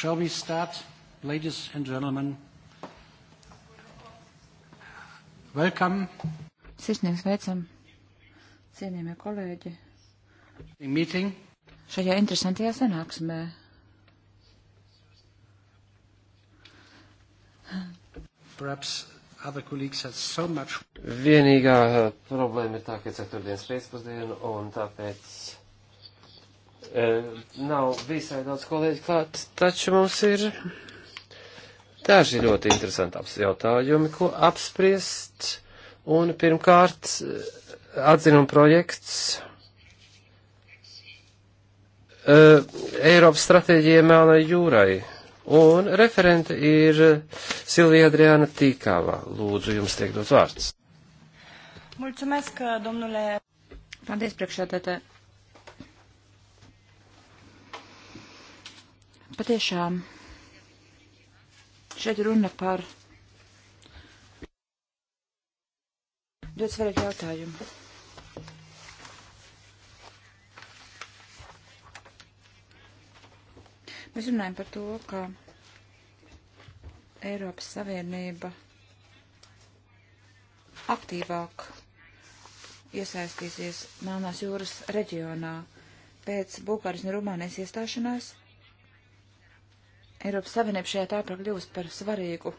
Shall we start, ladies and gentlemen? Welcome. Sirsnīgs veicam, cienījamie kolēģi. Meeting. Šajā interesantajā sanāksmē. Perhaps So Vienīgā problēma ir tā, ka ceturtdienas pēcpusdiena, un tāpēc Nav visai daudz kolēģi klāt, taču mums ir daži ļoti interesanti jautājumi, ko apspriest. Un pirmkārt, atzinuma projekts uh, Eiropas stratēģija Melnai jūrai. Un referente ir Silvija Adriana Tīkāvā. Lūdzu, jums tiek dot vārds. Mulțumesc, domnule. Paldies, priekšsēdētāji. patiešām šeit runa par ļoti svarīgu jautājumu. Mēs runājam par to, ka Eiropas Savienība aktīvāk iesaistīsies Melnās jūras reģionā pēc Bulgārijas un Rumānijas iestāšanās Eiropas Savienība šajā tāpā kļūst par svarīgu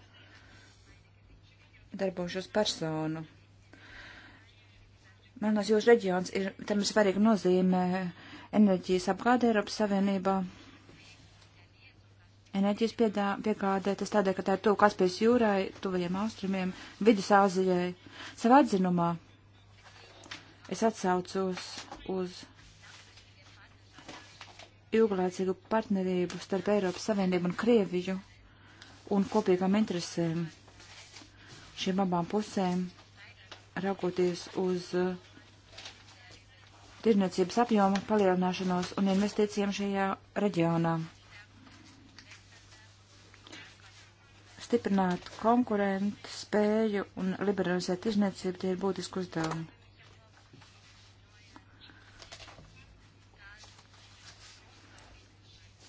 darbošos personu. Melnās jūras reģions ir, tam ir svarīga nozīme enerģijas apgāde Eiropas Savienībā. Enerģijas piedā, piegādē, tas tādēļ, ka tā ir tuvu Kaspijas jūrai, tuvajiem austrumiem, Vidusāzijai. Savā atzinumā es atsaucos uz ilglaicīgu partnerību starp Eiropas Savienību un Krieviju un kopīgām interesēm šīm abām pusēm, raugoties uz uh, tirniecības apjomu palielināšanos un investīcijiem šajā reģionā. Stiprināt konkurentu spēju un liberalizēt tirniecību tie ir būtiski uzdevumi.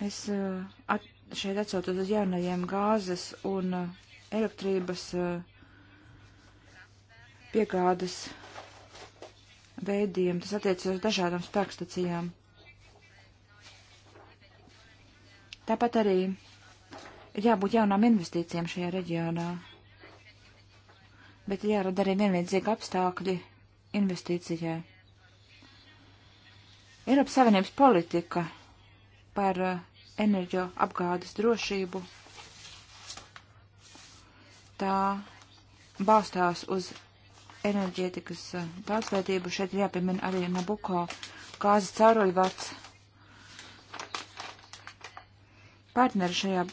Es eh, at, šeit atsautos uz jaunajiem gāzes un eh, elektrības eh, piegādes veidiem. Tas attiecas uz dažādām spēkstacijām. Tāpat arī ir jābūt jaunām investīcijām šajā reģionā. Bet jārada arī vienlīdzīgi apstākļi investīcijai. Eiropas Savienības politika par enerģo apgādes drošību. Tā balstās uz enerģētikas uh, daudzveidību. Šeit ir jāpiemina arī Nabuko gāzes cauruļvats. Partneri šajā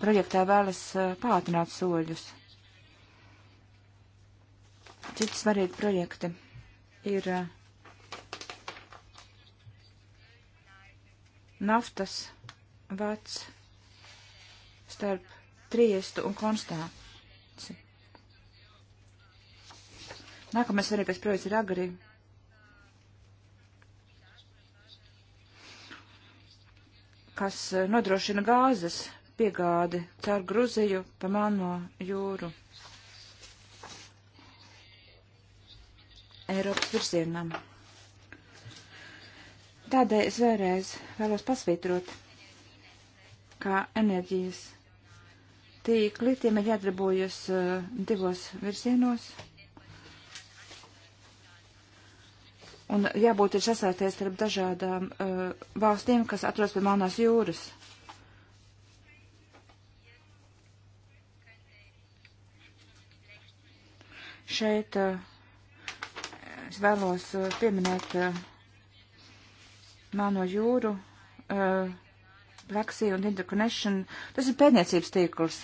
projektā vēlas uh, pātrināt soļus. Citi svarīgi projekti ir uh, naftas vats starp Triestu un Konstāci. Nākamais svarīgais projekts ir Agri. kas nodrošina gāzes piegādi caur Gruziju pa Mano jūru. Eiropas virzienam. Tādēļ es vēlreiz vēlos pasvītrot kā enerģijas tīkli, tiem ir jādarbojas uh, divos virzienos. Un jābūt ir sasaisties starp dažādām uh, valstīm, kas atrodas pie Melnās jūras. Šeit uh, es vēlos uh, pieminēt uh, Melno jūru. Uh, Plexi un Interconnection. Tas ir pētniecības tīkls.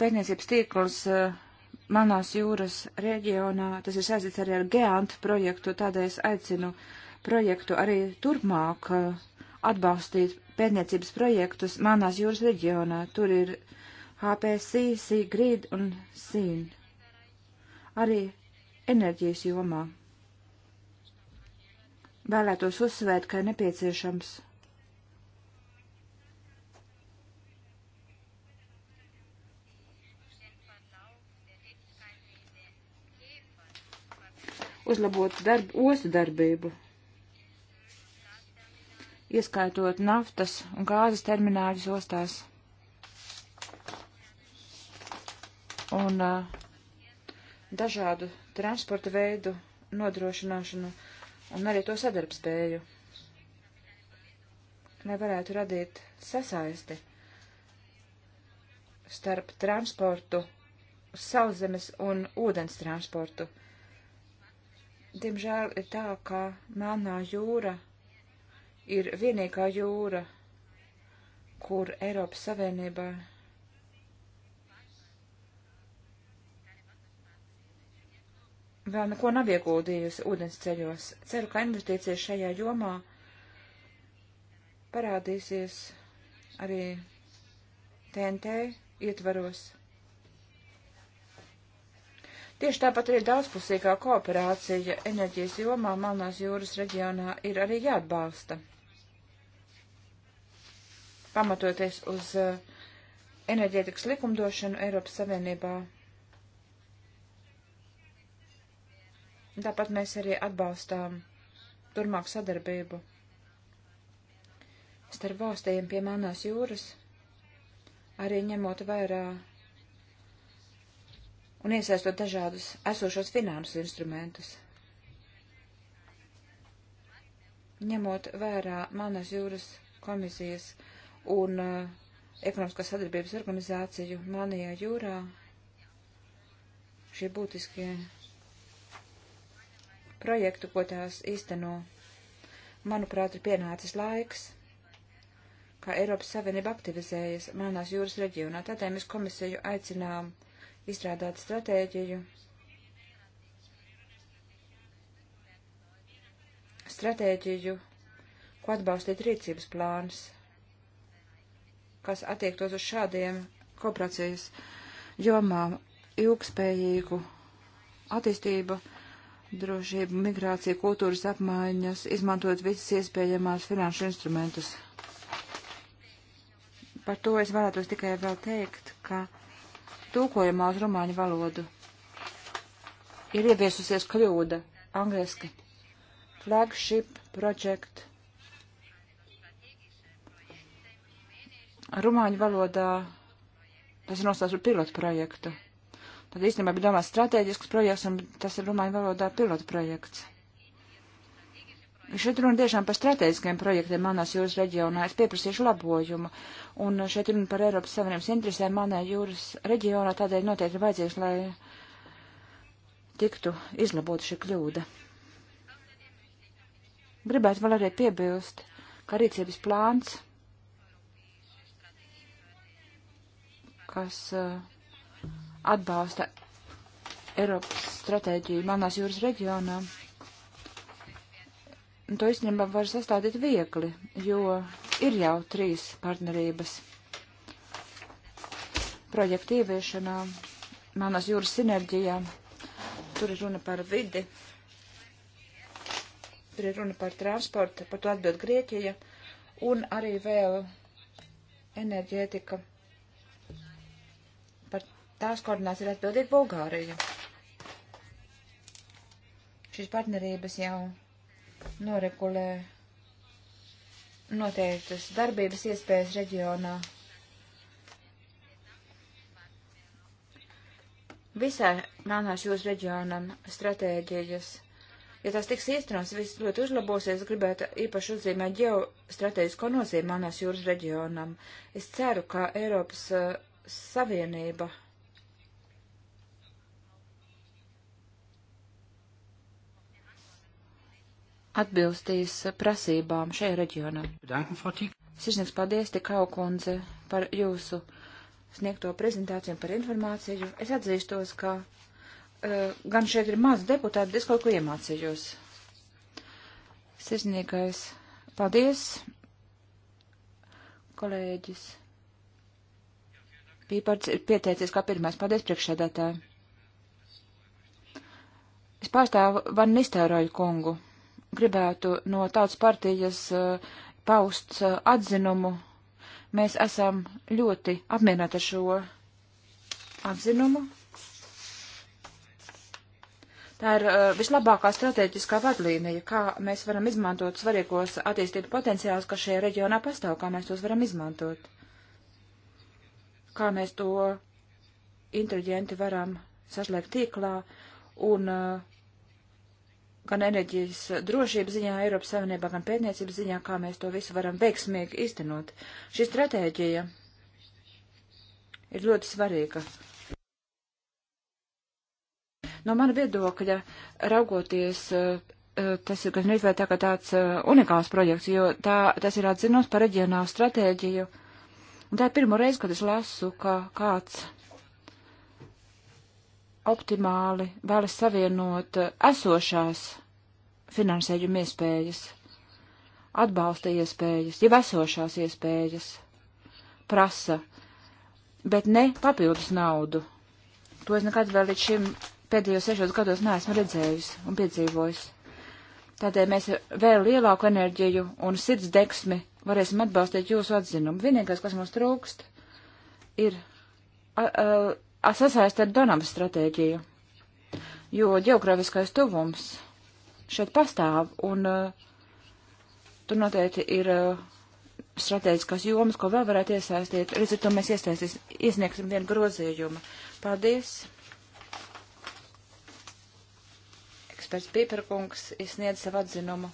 Pētniecības tīkls uh, manās jūras reģionā, tas ir saistīts arī ar Geant projektu, tādēļ es aicinu projektu arī turpmāk uh, atbalstīt pētniecības projektus manās jūras reģionā. Tur ir HPC, Seagrid un SIN. Arī enerģijas jomā. Vēlētos uzsvērt, ka ir nepieciešams uzlabot darbu, ostu darbību, ieskaitot naftas un gāzes termināļus ostās. Un uh, dažādu transporta veidu nodrošināšanu un arī to sadarbspēju, lai varētu radīt sasaisti starp transportu, sauszemes un ūdens transportu. Diemžēl ir tā, ka Melnā jūra ir vienīgā jūra, kur Eiropas Savienībā vēl neko nav ieguldījusi ūdens ceļos. Ceru, ka investīcijas šajā jomā parādīsies arī TNT ietvaros. Tieši tāpat arī daudzpusīgā kooperācija enerģijas jomā Melnās jūras reģionā ir arī jāatbalsta. Pamatoties uz eh, enerģētikas likumdošanu Eiropas Savienībā. Tāpat mēs arī atbalstām turmāku sadarbību starp valstīm pie Melnās jūras, arī ņemot vairāk un iesaistot dažādus esošos finanses instrumentus. Ņemot vērā manas jūras komisijas un uh, ekonomiskās sadarbības organizāciju Manijā jūrā, šie būtiskie projekti, ko tās īsteno, manuprāt, ir pienācis laiks, kā Eiropas Savienība aktivizējas Melnās jūras reģionā. Tādēļ mēs komisiju aicinām uh, izstrādāt stratēģiju. Stratēģiju, ko atbalstīt rīcības plāns, kas attiektos uz šādiem kooperācijas jomām ilgspējīgu attīstību, drošību, migrāciju, kultūras apmaiņas, izmantojot visas iespējamās finanšu instrumentus. Par to es vēlētos tikai vēl teikt, ka tūkojumā uz romāņu valodu. Ir ieviesusies kļūda angliski. Flagship project. Rumāņu valodā tas ir nostāsts par pilotu projektu. Tad īstenībā bija domāts strateģisks projekts, un tas ir rumāņu valodā pilotu projekts. Šeit runa tiešām par strateģiskiem projektiem manās jūras reģionā. Es pieprasīšu labojumu. Un šeit runa par Eiropas Savienības interesēm manā jūras reģionā. Tādēļ noteikti vajadzīgs, lai tiktu izlabota šī kļūda. Gribētu vēl arī piebilst, ka rīcības plāns, kas uh, atbalsta Eiropas stratēģiju manās jūras reģionā, to īstenībā var sastādīt viegli, jo ir jau trīs partnerības projektu ieviešanā, Melnās jūras sinerģijā. Tur ir runa par vidi, tur ir runa par transportu, par to atbild Grieķija un arī vēl enerģētika. Par tās koordināciju ir atbildīga Bulgārija. Šīs partnerības jau noregulē noteiktas darbības iespējas reģionā. Visā Melnās jūras reģionam stratēģijas. Ja tās tiks īstenots, viss ļoti uzlabosies, gribētu īpaši uzzīmēt ģeostrateģisko nozīmi Melnās jūras reģionam. Es ceru, ka Eiropas uh, Savienība atbilstīs prasībām šajā reģionā. Sirsnieks paldies tikau kundze par jūsu sniegto prezentāciju par informāciju. Es atzīstos, ka uh, gan šeit ir maz deputāti, bet es kaut ko iemācījos. Sirsniekais paldies, kolēģis. Pīpārds ir pieteicies kā pirmais. Paldies priekšsēdētāji. Es pārstāvu Van Nistēroju kungu gribētu no tautas partijas eh, paust eh, atzinumu. Mēs esam ļoti apmierināti ar šo atzinumu. Tā ir uh, vislabākā strateģiskā vadlīnija, kā mēs varam izmantot svarīgos attīstību potenciālus, kas šajā reģionā pastāv, kā mēs tos varam izmantot, kā mēs to inteliģenti varam sašliekt tīklā un uh, gan enerģijas drošības ziņā Eiropas Savienībā, gan pētniecības ziņā, kā mēs to visu varam veiksmīgi iztenot. Šī stratēģija ir ļoti svarīga. No mana viedokļa, raugoties, eh, eh, tas ir gan vai tā kā tāds eh, unikāls projekts, jo tā, tas ir atzinos par reģionālu stratēģiju. Un tā ir pirmo reizi, kad es lasu, ka kāds optimāli vēlas savienot eh, esošās finansējuma iespējas, atbalsta iespējas, jau esošās iespējas, prasa, bet ne papildus naudu. To es nekad vēl līdz šim pēdējos sešos gados neesmu redzējis un piedzīvojis. Tādēļ mēs vēl lielāku enerģiju un sirds deksmi varēsim atbalstīt jūsu atzinumu. Vienīgais, kas mums trūkst, ir a, a, sasaist ar Donavas stratēģiju, jo geogrāfiskais tuvums šeit pastāv, un uh, tur noteikti ir uh, strateģiskās jomas, ko vēl varētu iesaistīt. Līdz ar to mēs iesniegsim vienu grozījumu. Paldies! Eksperts Pīperkungs izsniedz savu atzinumu.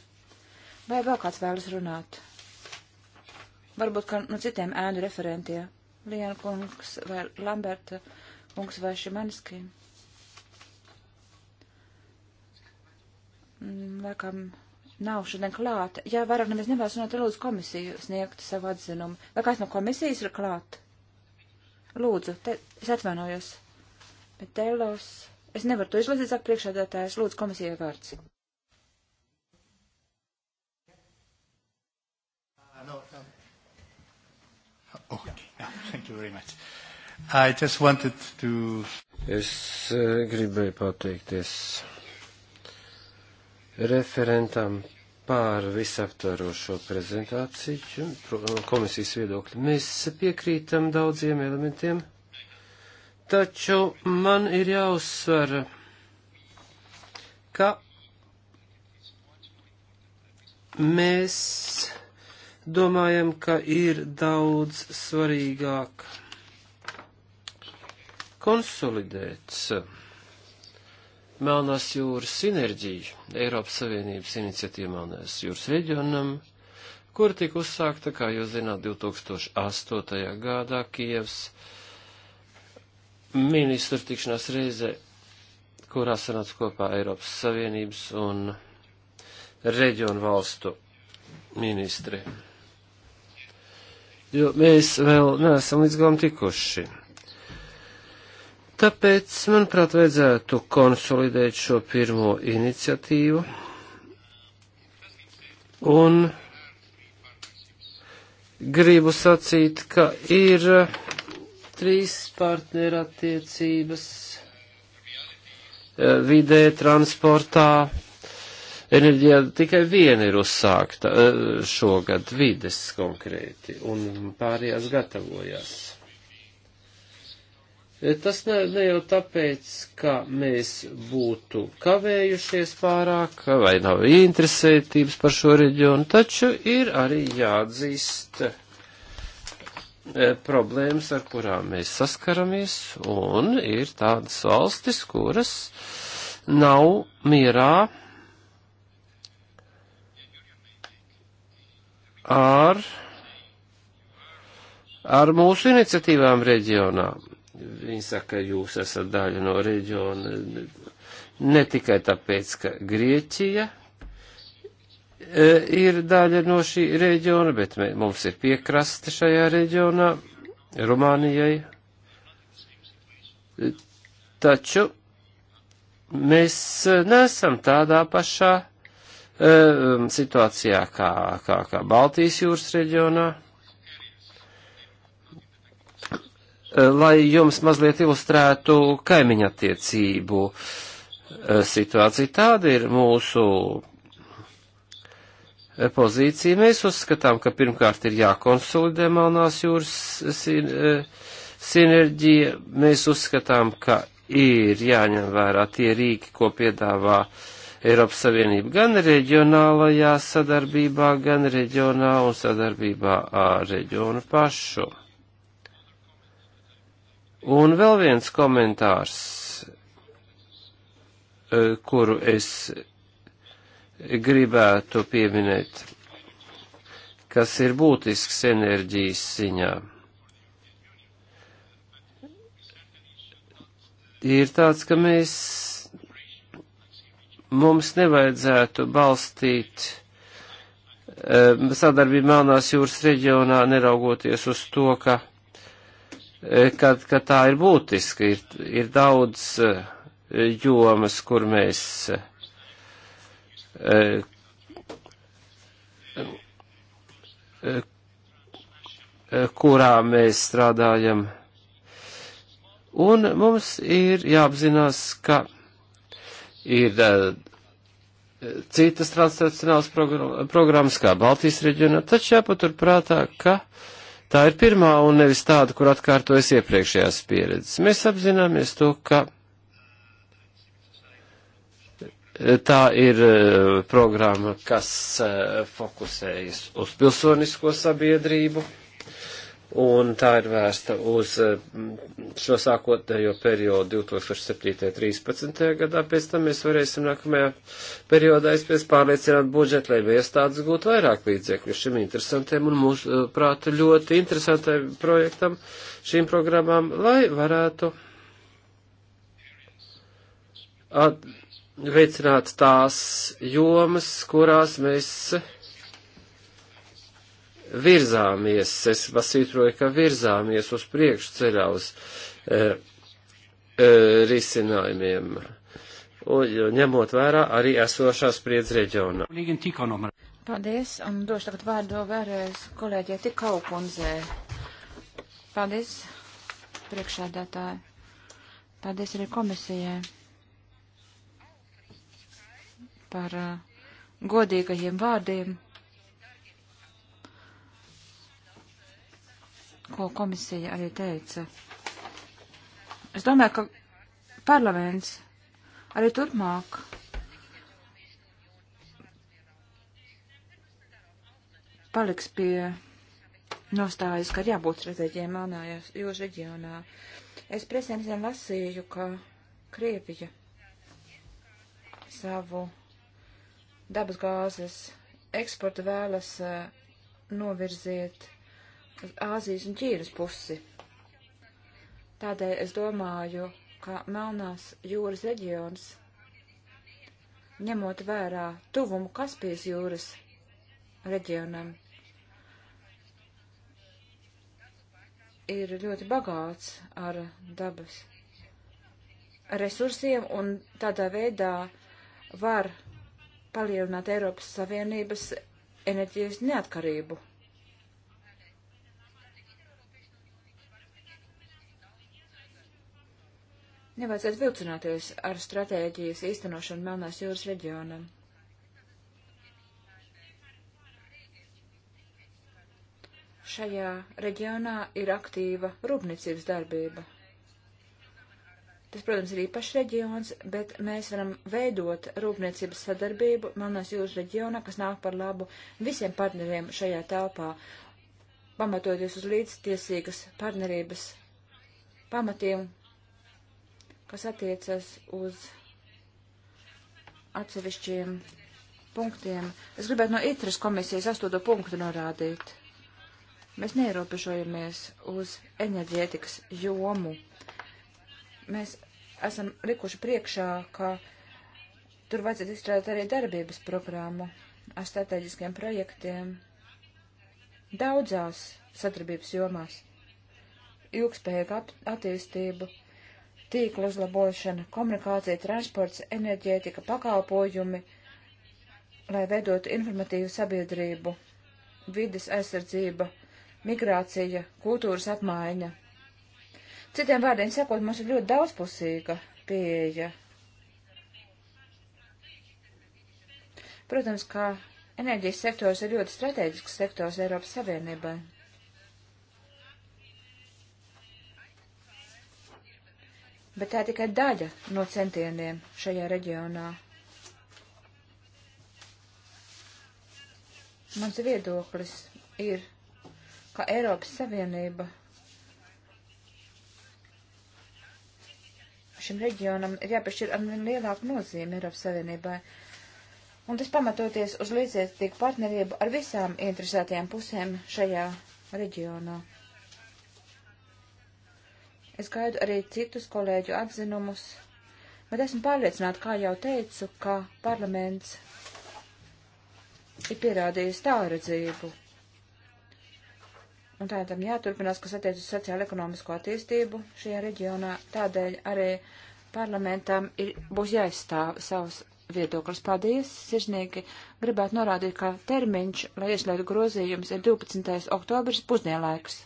Vai vēl kāds vēlas runāt? Varbūt, ka no citiem ēnu referentiem. Lienkungs vai Lamberta Munks vai Šimanski. Laikam nav šodien klāt. Ja vairāk neviens nevēlas runāt, lūdzu komisiju sniegt savu atzinumu. Vai kāds no komisijas ir klāt? Lūdzu, te, es atvainojos. Bet Teilos, es nevaru to izlasīt, saka priekšādātājs, lūdzu komisijai vārds. Oh, yeah, thank you very much. I just wanted to. Es eh, gribēju pateikties referentam pār visaptvarošo prezentāciju un komisijas viedokļu. Mēs piekrītam daudziem elementiem, taču man ir jāuzsver, ka mēs domājam, ka ir daudz svarīgāk konsolidēt Melnās jūras sinerģiju Eiropas Savienības iniciatīva Melnās jūras reģionam, kur tika uzsākta, kā jūs zināt, 2008. gadā Kievs ministru tikšanās reize, kurā sanāca kopā Eiropas Savienības un reģionu valstu ministri. Jo mēs vēl neesam līdz galam tikuši. Tāpēc, manuprāt, vajadzētu konsolidēt šo pirmo iniciatīvu un gribu sacīt, ka ir trīs partnerattiecības eh, vidē, transportā, enerģijā tikai viena ir uzsākta eh, šogad vides konkrēti, un pārējās gatavojās. Tas ne, ne jau tāpēc, ka mēs būtu kavējušies pārāk vai nav interesētības par šo reģionu, taču ir arī jāatzīst e, problēmas, ar kurām mēs saskaramies, un ir tādas valstis, kuras nav mierā ar, ar mūsu iniciatīvām reģionām. Viņi saka, ka jūs esat daļa no reģiona ne tikai tāpēc, ka Grieķija e, ir daļa no šī reģiona, bet mums ir piekraste šajā reģionā, Rumānijai. Taču mēs nesam tādā pašā e, situācijā kā, kā, kā Baltijas jūras reģionā. Eh, lai jums mazliet ilustrētu kaimiņa attiecību eh, situāciju. Tāda ir mūsu eh, pozīcija. Mēs uzskatām, ka pirmkārt ir jākonsolidē Melnās jūras sinerģija. Mēs uzskatām, ka ir jāņem vērā tie rīki, ko piedāvā Eiropas Savienība gan reģionālajā sadarbībā, gan reģionā un sadarbībā ar reģionu pašu. Un vēl viens komentārs, e, kuru es gribētu pieminēt, kas ir būtisks enerģijas ziņā. Ir tāds, ka mēs, mums nevajadzētu balstīt e, sadarbību Melnās jūras reģionā, neraugoties uz to, ka Eh, kad, kad tā ir būtiska. Ir, ir daudz eh, jomas, kur mēs eh, kurā mēs strādājam. Un mums ir jāapzinās, ka ir citas transnacionālas programmas, kā Baltijas reģionā, taču jāpaturprātā, ka uh, Tā ir pirmā un nevis tāda, kur atkārtojas iepriekšējās pieredzes. Mēs apzināmies to, ka tā ir eh, programma, kas eh, fokusējas uz pilsonisko sabiedrību un tā ir vērsta uz eh, šo sākotnējo periodu 2007.13. gadā, pēc tam mēs varēsim nākamajā periodā aizpēc pārliecināt budžetu, lai iestādes gūtu vairāk līdzekļu šim interesantiem un mūsu eh, prātu ļoti interesantam projektam, šīm programmām, lai varētu at, veicināt tās jomas, kurās mēs virzāmies, es pasvītroju, ka virzāmies uz priekšu ceļā uz e, e, risinājumiem, un, ņemot vērā arī esošās spriedz reģionā. Paldies, un došu tagad vārdu vēlreiz kolēģie Tikau kundzē. Paldies, priekšādātāji. Paldies arī komisijai par uh, godīgajiem vārdiem ko komisija arī teica. Es domāju, ka parlaments arī turpmāk paliks pie nostājas, ka ir jābūt stratēģiem Melnājās jūras reģionā. Es presentiem lasīju, ka Krievija savu dabasgāzes eksportu vēlas eh, novirziet uz Āzijas un Ķīnas pusi. Tādēļ es domāju, ka Melnās jūras reģions, ņemot vērā tuvumu Kaspijas jūras reģionam, ir ļoti bagāts ar dabas resursiem un tādā veidā var palielināt Eiropas Savienības enerģijas neatkarību. Nevajadzētu vilcināties ar stratēģijas īstenošanu Melnās jūras reģionam. Šajā reģionā ir aktīva rūpniecības darbība. Tas, protams, ir īpašs reģions, bet mēs varam veidot rūpniecības sadarbību Melnās jūras reģionā, kas nāk par labu visiem partneriem šajā telpā, pamatoties uz līdztiesīgas partnerības pamatiem, kas attiecas uz atsevišķiem punktiem. Es gribētu no ITRAS komisijas astoto punktu norādīt. Mēs neierobežojamies uz enerģētikas jomu. Mēs esam likuši priekšā, ka tur vajadzētu izstrādāt arī darbības programmu ar strateģiskiem projektiem daudzās sadarbības jomās, ilgspējīgu attīstību, tīkla uzlabošana, komunikācija, transports, enerģētika, pakalpojumi, lai veidotu informatīvu sabiedrību, vides aizsardzība, migrācija, kultūras apmaiņa. Citiem vārdiem sakot, mums ir ļoti daudzpusīga pieeja. Protams, ka enerģijas sektors ir ļoti strateģisks sektors Eiropas Savienībai. bet tā ir tikai daļa no centieniem šajā reģionā. Mans viedoklis ir, ka Eiropas Savienība šim reģionam ir jāpiešķir arvien lielāku nozīmi Eiropas Savienotībai. Un tas pamatoties uz līdzvērtīgu partnerību ar visām interesētajām pusēm šajā reģionā. Es gaidu arī citus kolēģu atzinumus, bet esmu pārliecināta, kā jau teicu, ka parlaments ir pierādījis tālredzību. Un tā tam jāturpinās, kas attiec uz sociāla-ekonomisko attīstību šajā reģionā. Tādēļ arī parlamentam ir, būs jāizstāv savs viedoklis. Paldies, sirsnīgi gribētu norādīt, ka termiņš, lai ieslēgtu grozījumus, ir 12. oktobris pusdienlaiks.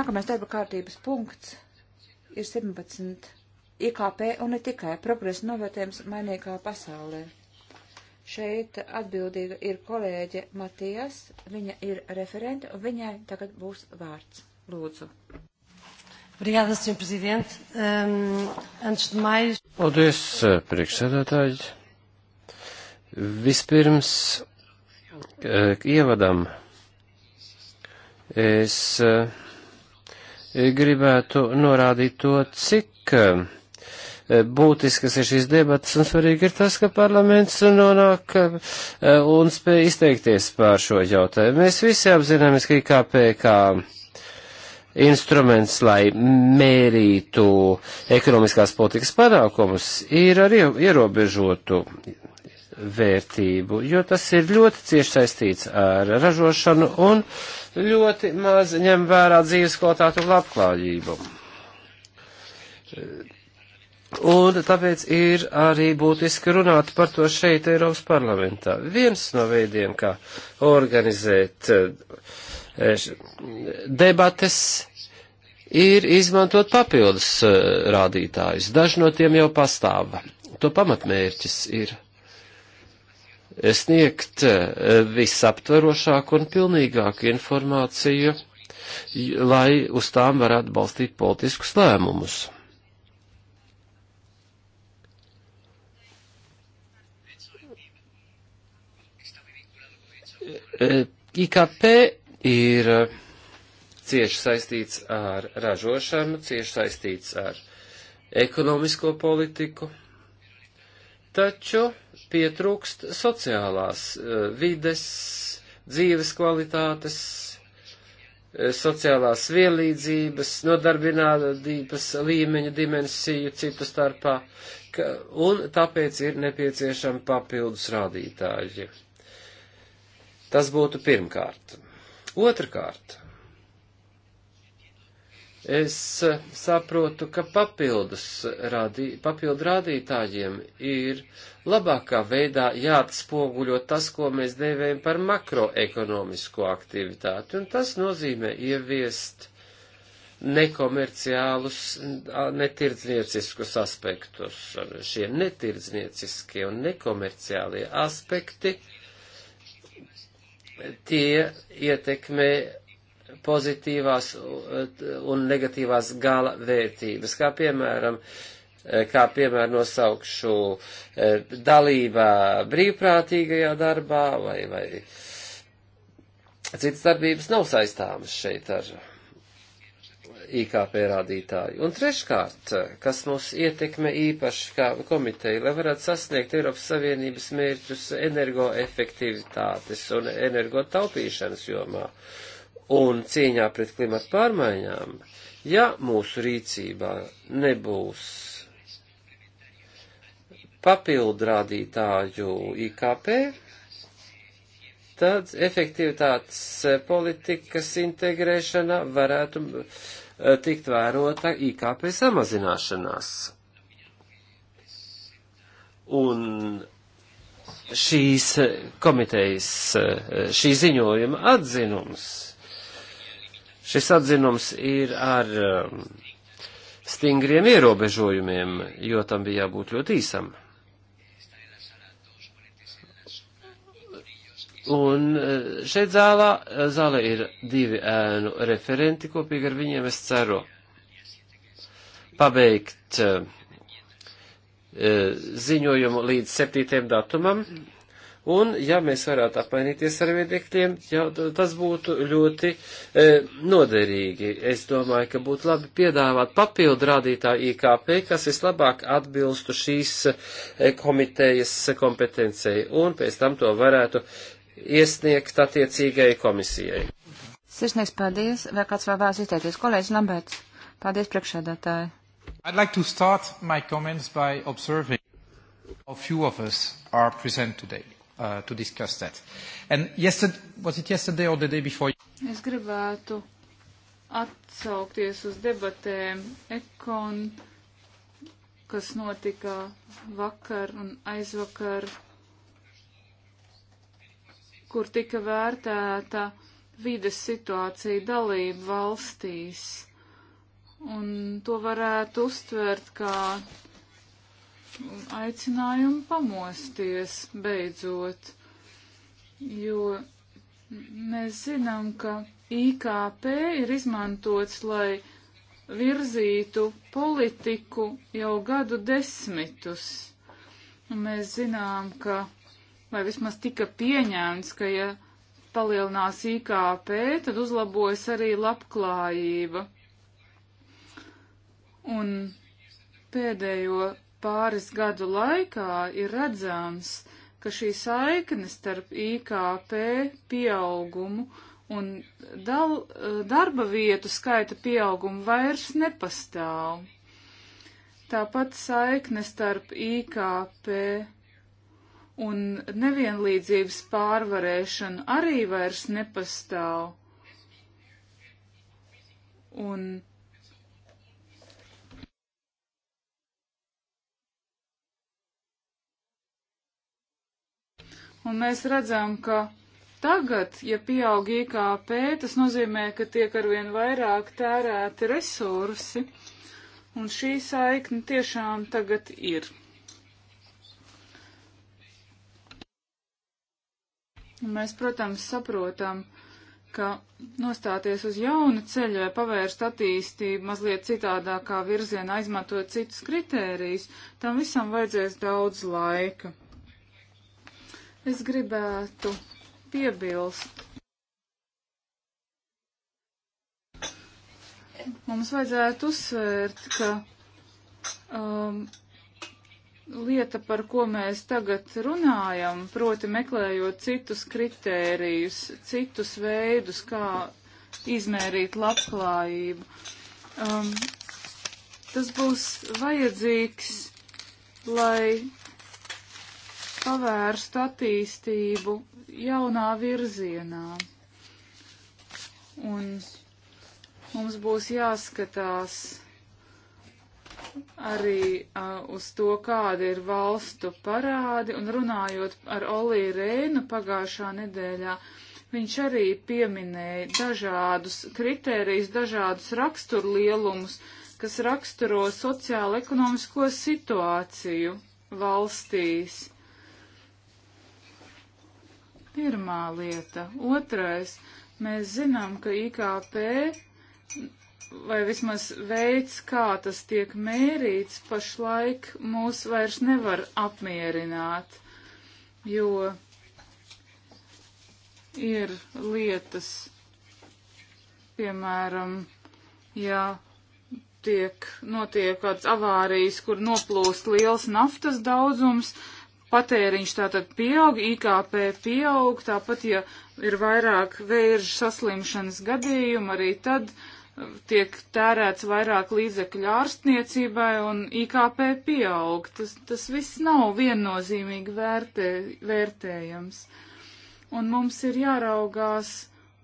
Nākamais darba kārtības punkts ir 17 IKP un ne tikai progresa novērtējums mainīgā pasaulē. Šeit atbildīga ir kolēģe Matijas, viņa ir referente, un viņai tagad būs vārds. Lūdzu. Obrigada, Sr. Presidente. Um, antes de mais. Paldies, eh, priekšsēdētāji. Vispirms, eh, ievadam, es. Uh, gribētu norādīt to, cik eh, būtiskas ir šīs debatas, un svarīgi ir tas, ka parlaments nonāk eh, un spēj izteikties pār šo jautājumu. Mēs visi apzināmies, ka IKP kā instruments, lai mērītu ekonomiskās politikas panākumus, ir ar ierobežotu vērtību, jo tas ir ļoti cieši saistīts ar ražošanu un ļoti maz ņem vērā dzīves kvalitātu un labklājību. Un tāpēc ir arī būtiski runāt par to šeit Eiropas parlamentā. Viens no veidiem, kā organizēt eh, debates, ir izmantot papildus eh, rādītājus. Daži no tiem jau pastāv. To pamatmērķis ir sniegt eh, visaptverošāku un pilnīgāku informāciju, lai uz tām varētu balstīt politiskus lēmumus. Eh, IKP ir eh, cieši saistīts ar ražošanu, cieši saistīts ar ekonomisko politiku, taču pietrūkst sociālās eh, vides, dzīves kvalitātes, eh, sociālās vienlīdzības, nodarbinātības līmeņa dimensiju citu starpā, ka, un tāpēc ir nepieciešami papildus rādītāji. Tas būtu pirmkārt. Otrkārt, Es eh, saprotu, ka papildus radī, papildu rādītājiem ir labākā veidā jāatspoguļo tas, ko mēs dēvējam par makroekonomisko aktivitāti, un tas nozīmē ieviest nekomerciālus, netirdznieciskus aspektus. Šie netirdznieciskie un nekomerciālie aspekti tie ietekmē pozitīvās uh, un negatīvās gala vērtības, kā piemēram, uh, kā piemēram nosaukšu uh, dalībā brīvprātīgajā darbā vai, vai citas darbības nav saistāmas šeit ar IKP rādītāju. Un treškārt, kas mūs ietekmē īpaši kā komiteja, lai varētu sasniegt Eiropas Savienības mērķus energoefektivitātes un energotaupīšanas jomā. Uh, un cīņā pret klimatu pārmaiņām, ja mūsu rīcībā nebūs papildrādītāju IKP, tad efektivitātes politikas integrēšana varētu eh, tikt vērota IKP samazināšanās. Un šīs komitejas, eh, šī ziņojuma atzinums Šis atzinums ir ar um, stingriem ierobežojumiem, jo tam bija jābūt ļoti īsam. Un uh, šeit zālā, uh, zālē ir divi ēnu referenti, kopīgi ar viņiem es ceru pabeigt uh, ziņojumu līdz 7. datumam, Un, ja mēs varētu apmainīties ar viedokļiem, jau tas būtu ļoti e, noderīgi. Es domāju, ka būtu labi piedāvāt papildu rādītāju IKP, kas vislabāk atbilstu šīs e, komitejas kompetencijai, un pēc tam to varētu iesniegt attiecīgai komisijai. Sirsnieks, paldies. Vai kāds vēl vēlas izteikties? Kolēģis Lamberts, paldies priekšēdētāji. I'd like to start my comments by observing how few of us are present today uh, to discuss that. And yesterday, was it yesterday or the day before? Es gribētu atsaukties uz debatēm ekon, kas notika vakar un aizvakar, kur tika vērtēta vides situācija dalību valstīs. Un to varētu uztvert kā aicinājumu pamosties beidzot, jo mēs zinām, ka IKP ir izmantots, lai virzītu politiku jau gadu desmitus. Un mēs zinām, ka, vai vismaz tika pieņēmts, ka ja palielinās IKP, tad uzlabojas arī labklājība. Un pēdējo pāris gadu laikā ir redzams, ka šī saikne starp IKP pieaugumu un dal, eh, darba vietu skaita pieaugumu vairs nepastāv. Tāpat saikne starp IKP un nevienlīdzības pārvarēšanu arī vairs nepastāv. Un Un mēs redzam, ka tagad, ja pieaug IKP, tas nozīmē, ka tiek arvien vairāk tērēti resursi. Un šī saikne tiešām tagad ir. Un mēs, protams, saprotam, ka nostāties uz jaunu ceļu vai pavērst attīstību mazliet citādākā virzienā, izmantojot citus kritērijus, tam visam vajadzēs daudz laika. Es gribētu piebilst. Mums vajadzētu uzsvērt, ka um, lieta, par ko mēs tagad runājam, proti meklējot citus kritērijus, citus veidus, kā izmērīt labklājību, um, tas būs vajadzīgs, lai pavērstu attīstību jaunā virzienā. Un mums būs jāskatās arī uh, uz to, kāda ir valstu parādi, un runājot ar Olī Rēnu pagājušā nedēļā, viņš arī pieminēja dažādus kritērijus, dažādus raksturlielumus, kas raksturo sociālo ekonomisko situāciju valstīs. Pirmā lieta. Otrais. Mēs zinām, ka IKP vai vismaz veids, kā tas tiek mērīts, pašlaik mūs vairs nevar apmierināt, jo ir lietas, piemēram, ja tiek, notiek kāds avārijas, kur noplūst liels naftas daudzums, patēriņš tātad pieaug, IKP pieaug, tāpat, ja ir vairāk vēža saslimšanas gadījumu, arī tad uh, tiek tērēts vairāk līdzekļu ārstniecībai un IKP pieaug. Tas, tas viss nav viennozīmīgi vērtē, vērtējams. Un mums ir jāraugās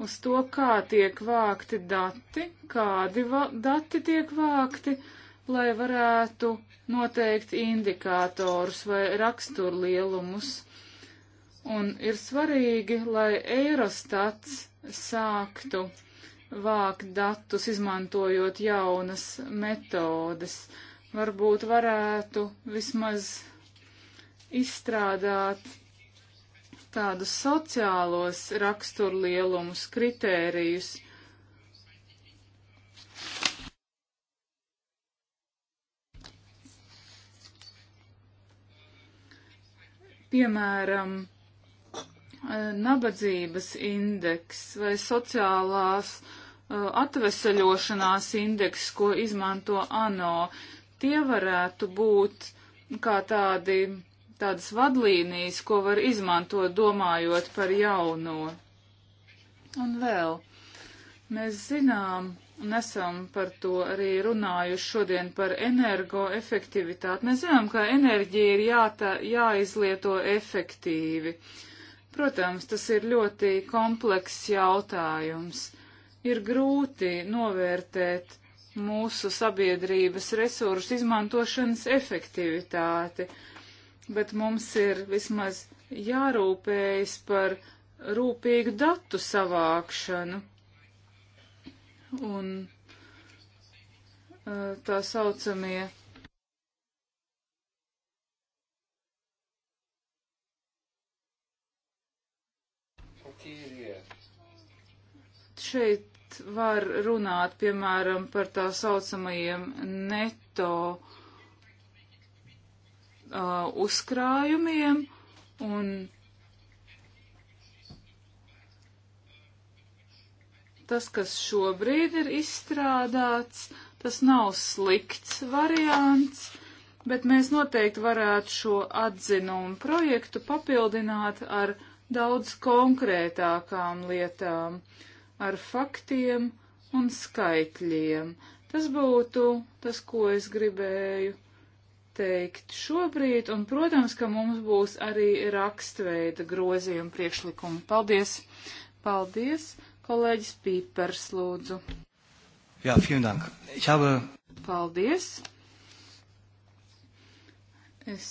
uz to, kā tiek vākti dati, kādi va dati tiek vākti lai varētu noteikt indikātorus vai raksturlielumus. Un ir svarīgi, lai Eirostats sāktu vākt datus, izmantojot jaunas metodes. Varbūt varētu vismaz izstrādāt tādus sociālos raksturlielumus, kritērijus, Piemēram, eh, nabadzības indeks vai sociālās eh, atveseļošanās indeks, ko izmanto ANO, tie varētu būt kā tādi, tādas vadlīnijas, ko var izmantot domājot par jauno. Un vēl, mēs zinām, un esam par to arī runājuši šodien par energoefektivitāti. Mēs zinām, ka enerģija ir jātā, jāizlieto efektīvi. Protams, tas ir ļoti komplekss jautājums. Ir grūti novērtēt mūsu sabiedrības resursu izmantošanas efektivitāti, bet mums ir vismaz jārūpējas par rūpīgu datu savākšanu un tā saucamie šeit var runāt, piemēram, par tā saucamajiem neto uh, uzkrājumiem, un tas, kas šobrīd ir izstrādāts, tas nav slikts variants, bet mēs noteikti varētu šo atzinumu projektu papildināt ar daudz konkrētākām lietām, ar faktiem un skaitļiem. Tas būtu tas, ko es gribēju teikt šobrīd, un, protams, ka mums būs arī rakstveida grozījuma priekšlikumi. Paldies! Paldies! Kolēģis Pīpers, lūdzu. Jā, vielen dank. Ich habe... Paldies. Es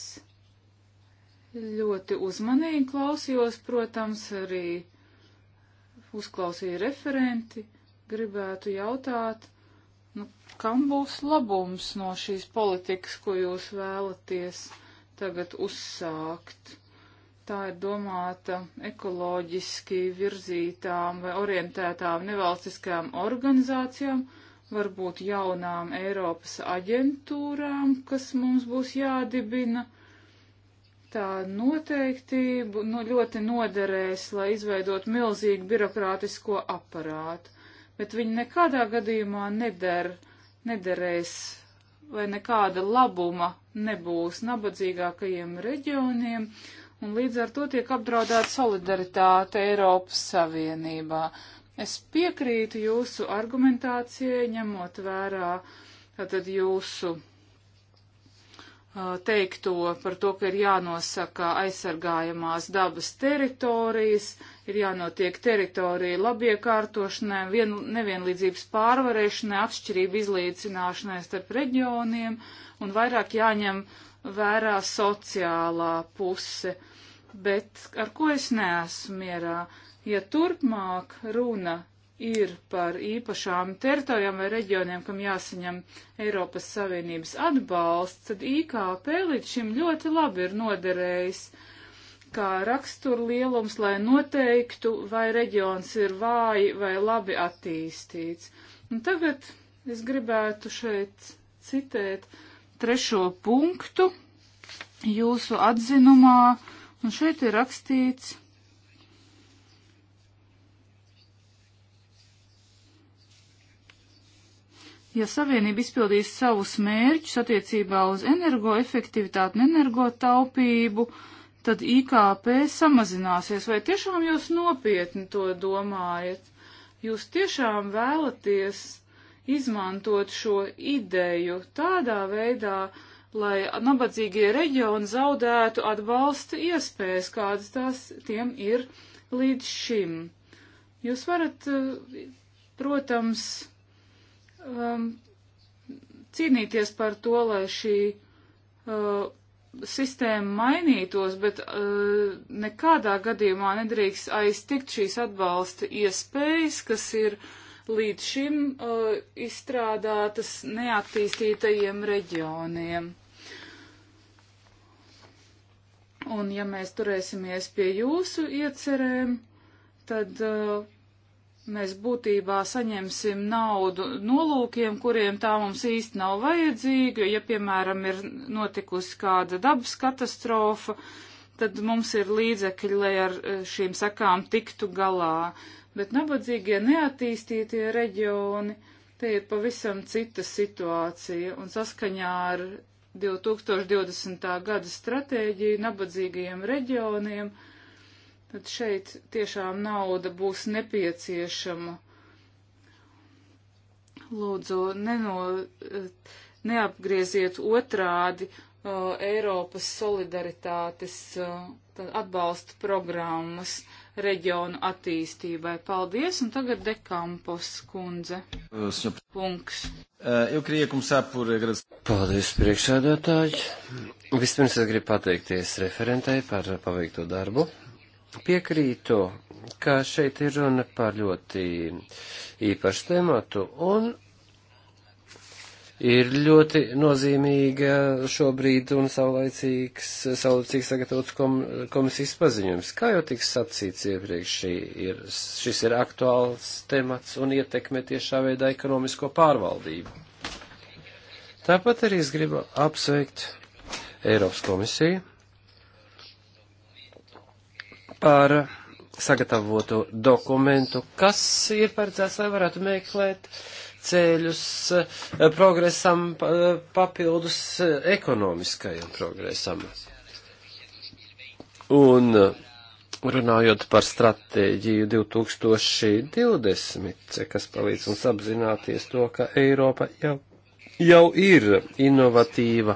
ļoti uzmanīgi klausījos, protams, arī uzklausīju referenti. Gribētu jautāt, nu, kam būs labums no šīs politikas, ko jūs vēlaties tagad uzsākt? tā ir domāta ekoloģiski virzītām vai orientētām nevalstiskajām organizācijām, varbūt jaunām Eiropas aģentūrām, kas mums būs jādibina. Tā noteikti nu, ļoti noderēs, lai izveidot milzīgu birokrātisko aparātu, bet viņi nekādā gadījumā neder, nederēs vai nekāda labuma nebūs nabadzīgākajiem reģioniem, uh, un līdz ar to tiek apdraudēta solidaritāte Eiropas Savienībā. Es piekrītu jūsu argumentācijai, ņemot vērā tad jūsu teikto par to, ka ir jānosaka aizsargājamās dabas teritorijas, ir jānotiek teritorija labiekārtošanai, vien, nevienlīdzības pārvarēšanai, atšķirību izlīdzināšanai starp reģioniem un vairāk jāņem vērā sociālā puse. Uh, bet ar ko es neesmu mierā? Ja turpmāk runa ir par īpašām teritorijām vai reģioniem, kam jāsaņem Eiropas Savienības atbalsts, tad IKP līdz šim ļoti labi ir noderējis kā rakstura lielums, lai noteiktu, vai reģions ir vāji vai labi attīstīts. Un tagad es gribētu šeit citēt trešo punktu jūsu atzinumā Un šeit ir rakstīts. Ja savienība izpildīs savus mērķus attiecībā uz energoefektivitāti un energotaupību, tad IKP samazināsies. Vai tiešām jūs nopietni to domājat? Jūs tiešām vēlaties izmantot šo ideju tādā veidā, lai nabadzīgie reģioni zaudētu atbalsta iespējas, kādas tās tiem ir līdz šim. Jūs varat, eh, protams, um, cīnīties par to, lai šī uh, sistēma mainītos, bet uh, nekādā gadījumā nedrīkst aiztikt šīs atbalsta iespējas, kas ir līdz šim uh, izstrādātas neattīstītajiem reģioniem. Un ja mēs turēsimies pie jūsu iecerēm, tad uh, mēs būtībā saņemsim naudu nolūkiem, kuriem tā mums īsti nav vajadzīga. Ja, piemēram, ir notikusi kāda dabas katastrofa, tad mums ir līdzekļi, lai ar uh, šīm sakām tiktu galā. Bet nabadzīgie neattīstītie reģioni, te ir pavisam cita situācija un saskaņā ar 2020. gada stratēģiju nabadzīgajiem reģioniem, tad šeit tiešām nauda būs nepieciešama. Lūdzu, neno, eh, neapgrieziet otrādi uh, Eiropas solidaritātes uh, atbalsta programmas reģionu attīstībai. Paldies, un tagad dekampos kundze. Punkts. Paldies, priekšsēdētāji. Vispirms es gribu pateikties referentai par paveikto darbu. Piekrītu, ka šeit ir runa par ļoti īpašu tematu, un ir ļoti nozīmīga šobrīd un saulaicīgs, saulaicīgs sagatavots kom, komisijas paziņojums. Kā jau tiks sacīts iepriekš, ir, šis ir aktuāls temats un ietekmē tiešā veidā ekonomisko pārvaldību. Tāpat arī es gribu apsveikt Eiropas komisiju par sagatavotu dokumentu, kas ir paredzēts, lai varētu meklēt uh, ceļus eh, progresam eh, papildus eh, ekonomiskajam progresam. Un runājot par stratēģiju 2020, kas palīdz mums apzināties to, ka Eiropa jau, jau ir inovatīva,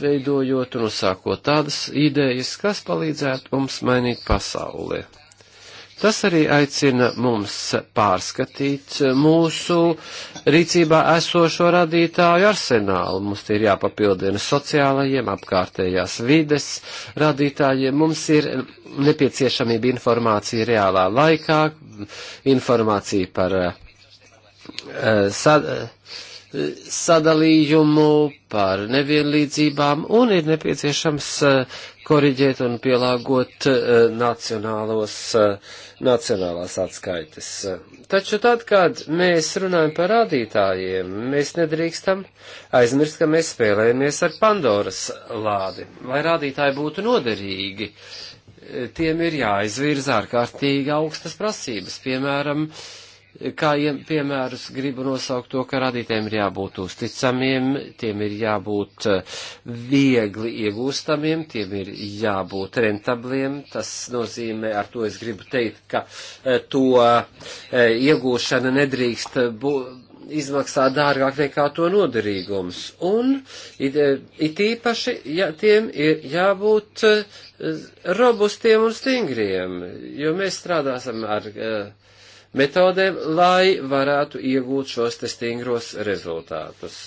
veidojot un uzsākot tādas idejas, kas palīdzētu mums mainīt pasauli. Tas arī aicina mums pārskatīt mūsu rīcībā esošo radītāju arsenālu. Mums tie ir jāpapildina sociālajiem, apkārtējās vides radītājiem. Mums ir nepieciešamība informācija reālā laikā, informācija par uh, eh, sad, sadalījumu, par nevienlīdzībām un ir nepieciešams uh, koriģēt un pielāgot eh, nacionālos, eh, nacionālās atskaites. Taču tad, kad mēs runājam par rādītājiem, mēs nedrīkstam aizmirst, ka mēs spēlējamies ar Pandoras lādi. Lai rādītāji būtu noderīgi, eh, tiem ir jāizvirza ārkārtīgi augstas prasības, piemēram, uh, kā piemērus gribu nosaukt to, ka radītēm ir jābūt uzticamiem, tiem ir jābūt eh, viegli iegūstamiem, tiem ir jābūt rentabliem. Tas nozīmē, ar to es gribu teikt, ka eh, to eh, iegūšana nedrīkst būt izmaksā dārgāk nekā to noderīgums. Un it, it īpaši ja, tiem ir jābūt robustiem un stingriem, jo mēs strādāsim ar uh, metodēm, lai varētu iegūt šos te stingros rezultātus.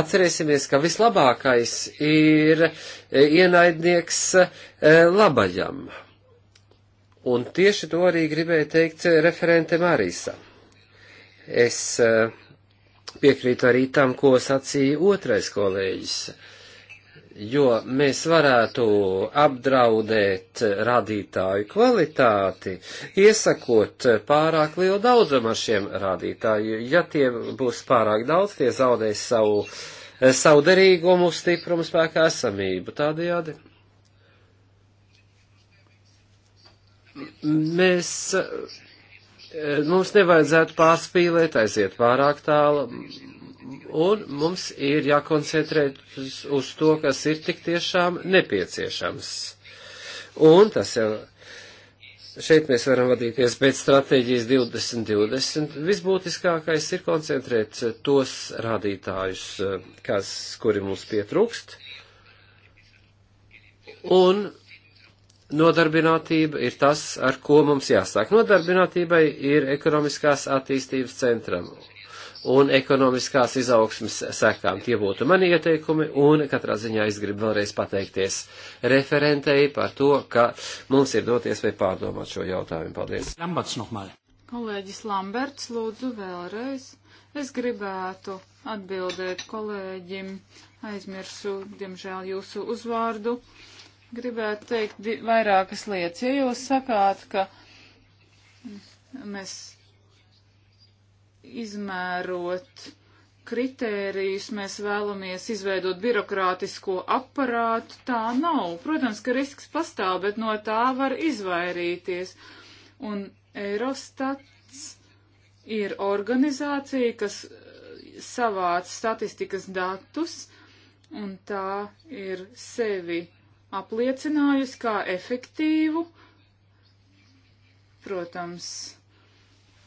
Atcerēsimies, ka vislabākais ir e, ienaidnieks e, labajam. Un tieši to arī gribēja teikt referente Marisa. Es e, piekrītu arī tam, ko sacīja otrais kolēģis jo mēs varētu apdraudēt rādītāju kvalitāti, iesakot pārāk lielu daudzumu ar šiem rādītājiem. Ja tie būs pārāk daudz, tie zaudēs savu, savu derīgumu, stiprumu, spēku esamību. Tādējādi mēs, mums nevajadzētu pārspīlēt, aiziet pārāk tālu un mums ir jākoncentrē uz to, kas ir tik tiešām nepieciešams. Un tas jau šeit mēs varam vadīties pēc stratēģijas 2020. Visbūtiskākais ir koncentrēt tos rādītājus, kas, kuri mums pietrūkst. Un nodarbinātība ir tas, ar ko mums jāsāk. Nodarbinātībai ir ekonomiskās attīstības centram un ekonomiskās izaugsmes sekām. Tie būtu mani ieteikumi, un katrā ziņā es gribu vēlreiz pateikties referentei par to, ka mums ir doties vai pārdomāt šo jautājumu. Paldies! Lamberts nohmāli. Kolēģis Lamberts, lūdzu vēlreiz. Es gribētu atbildēt kolēģim, aizmirsu, diemžēl, jūsu uzvārdu. Gribētu teikt vairākas lietas. Ja jūs sakāt, ka mēs izmērot kritērijus, mēs vēlamies izveidot birokrātisko aparātu. Tā nav. Protams, ka risks pastāv, bet no tā var izvairīties. Un Eurostats ir organizācija, kas eh, savāc statistikas datus, un tā ir sevi apliecinājusi kā efektīvu. Protams,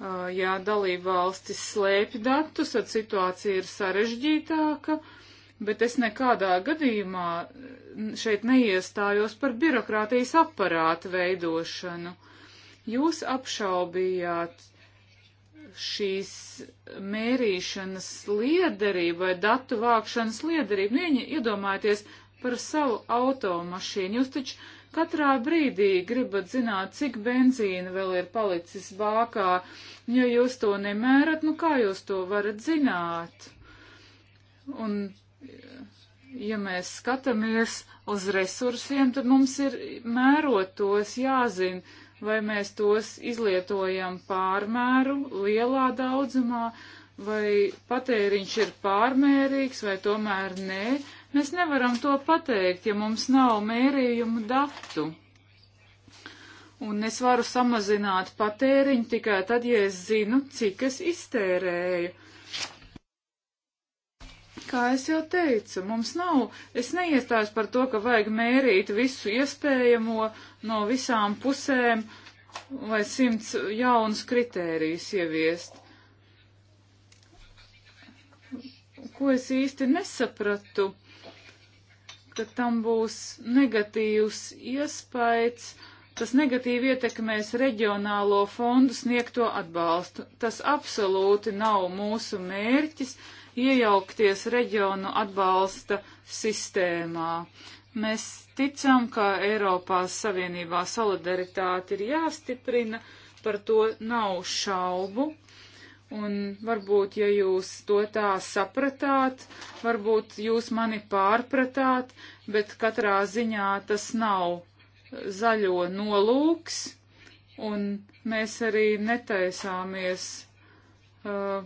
Uh, ja dalība valstis slēpj datus, tad situācija ir sarežģītāka, bet es nekādā gadījumā šeit neiestājos par birokrātijas aparātu veidošanu. Jūs apšaubījāt šīs mērīšanas liederību vai datu vākšanas liederību. Viņa nu, iedomājieties par savu automašīnu. Jūs taču Katrā brīdī gribat zināt, cik benzīna vēl ir palicis bākā. Ja jūs to nemērat, nu kā jūs to varat zināt? Un, ja mēs skatāmies uz resursiem, tad mums ir mērot tos jāzina, vai mēs tos izlietojam pārmēru lielā daudzumā, vai patēriņš ir pārmērīgs, vai tomēr nē. Ne Mēs nevaram to pateikt, ja mums nav mērījumu datu. Un es varu samazināt patēriņu tikai tad, ja es zinu, cik es iztērēju. Kā es jau teicu, mums nav, es neiestāju par to, ka vajag mērīt visu iespējamo no visām pusēm vai simts jaunus kritērijus ieviest. Ko es īsti nesapratu? ka tam būs negatīvs iespējas, tas negatīvi ietekmēs reģionālo fondu sniegto atbalstu. Tas absolūti nav mūsu mērķis iejaukties reģionu atbalsta sistēmā. Mēs ticam, ka Eiropās Savienībā solidaritāte ir jāstiprina, par to nav šaubu, Un varbūt, ja jūs to tā sapratāt, varbūt jūs mani pārpratāt, bet katrā ziņā tas nav zaļo nolūks, un mēs arī netaisāmies, uh,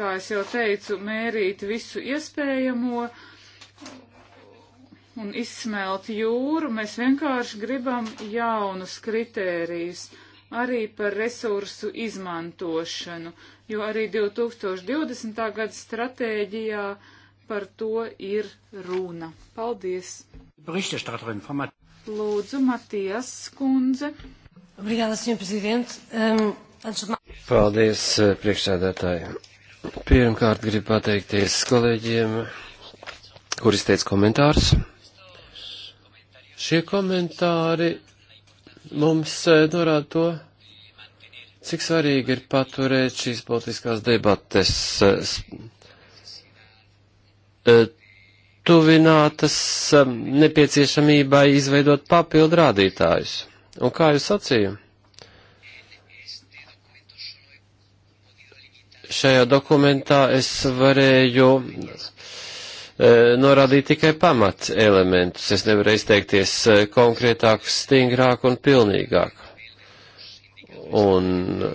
kā es jau teicu, mērīt visu iespējamo un izsmelt jūru. Mēs vienkārši gribam jaunus kritērijus arī par resursu izmantošanu, jo arī 2020. gada stratēģijā par to ir runa. Paldies! Lūdzu, Matijas skundze. Obrigada, senhor presidente. Um, antes de mais... Paldies, eh, priekšsēdētāji. Pirmkārt, gribu pateikties kolēģiem, kuris teica komentārus. Šie komentāri mums eh, norāda to, cik svarīgi ir paturēt šīs politiskās debates eh, eh, tuvinātas nepieciešamībai izveidot papildu rādītājus. Un kā jūs sacīju? Šajā dokumentā es varēju E, norādīja tikai pamat elementus. Es nevaru izteikties e, konkrētāk, stingrāk un pilnīgāk. Un e,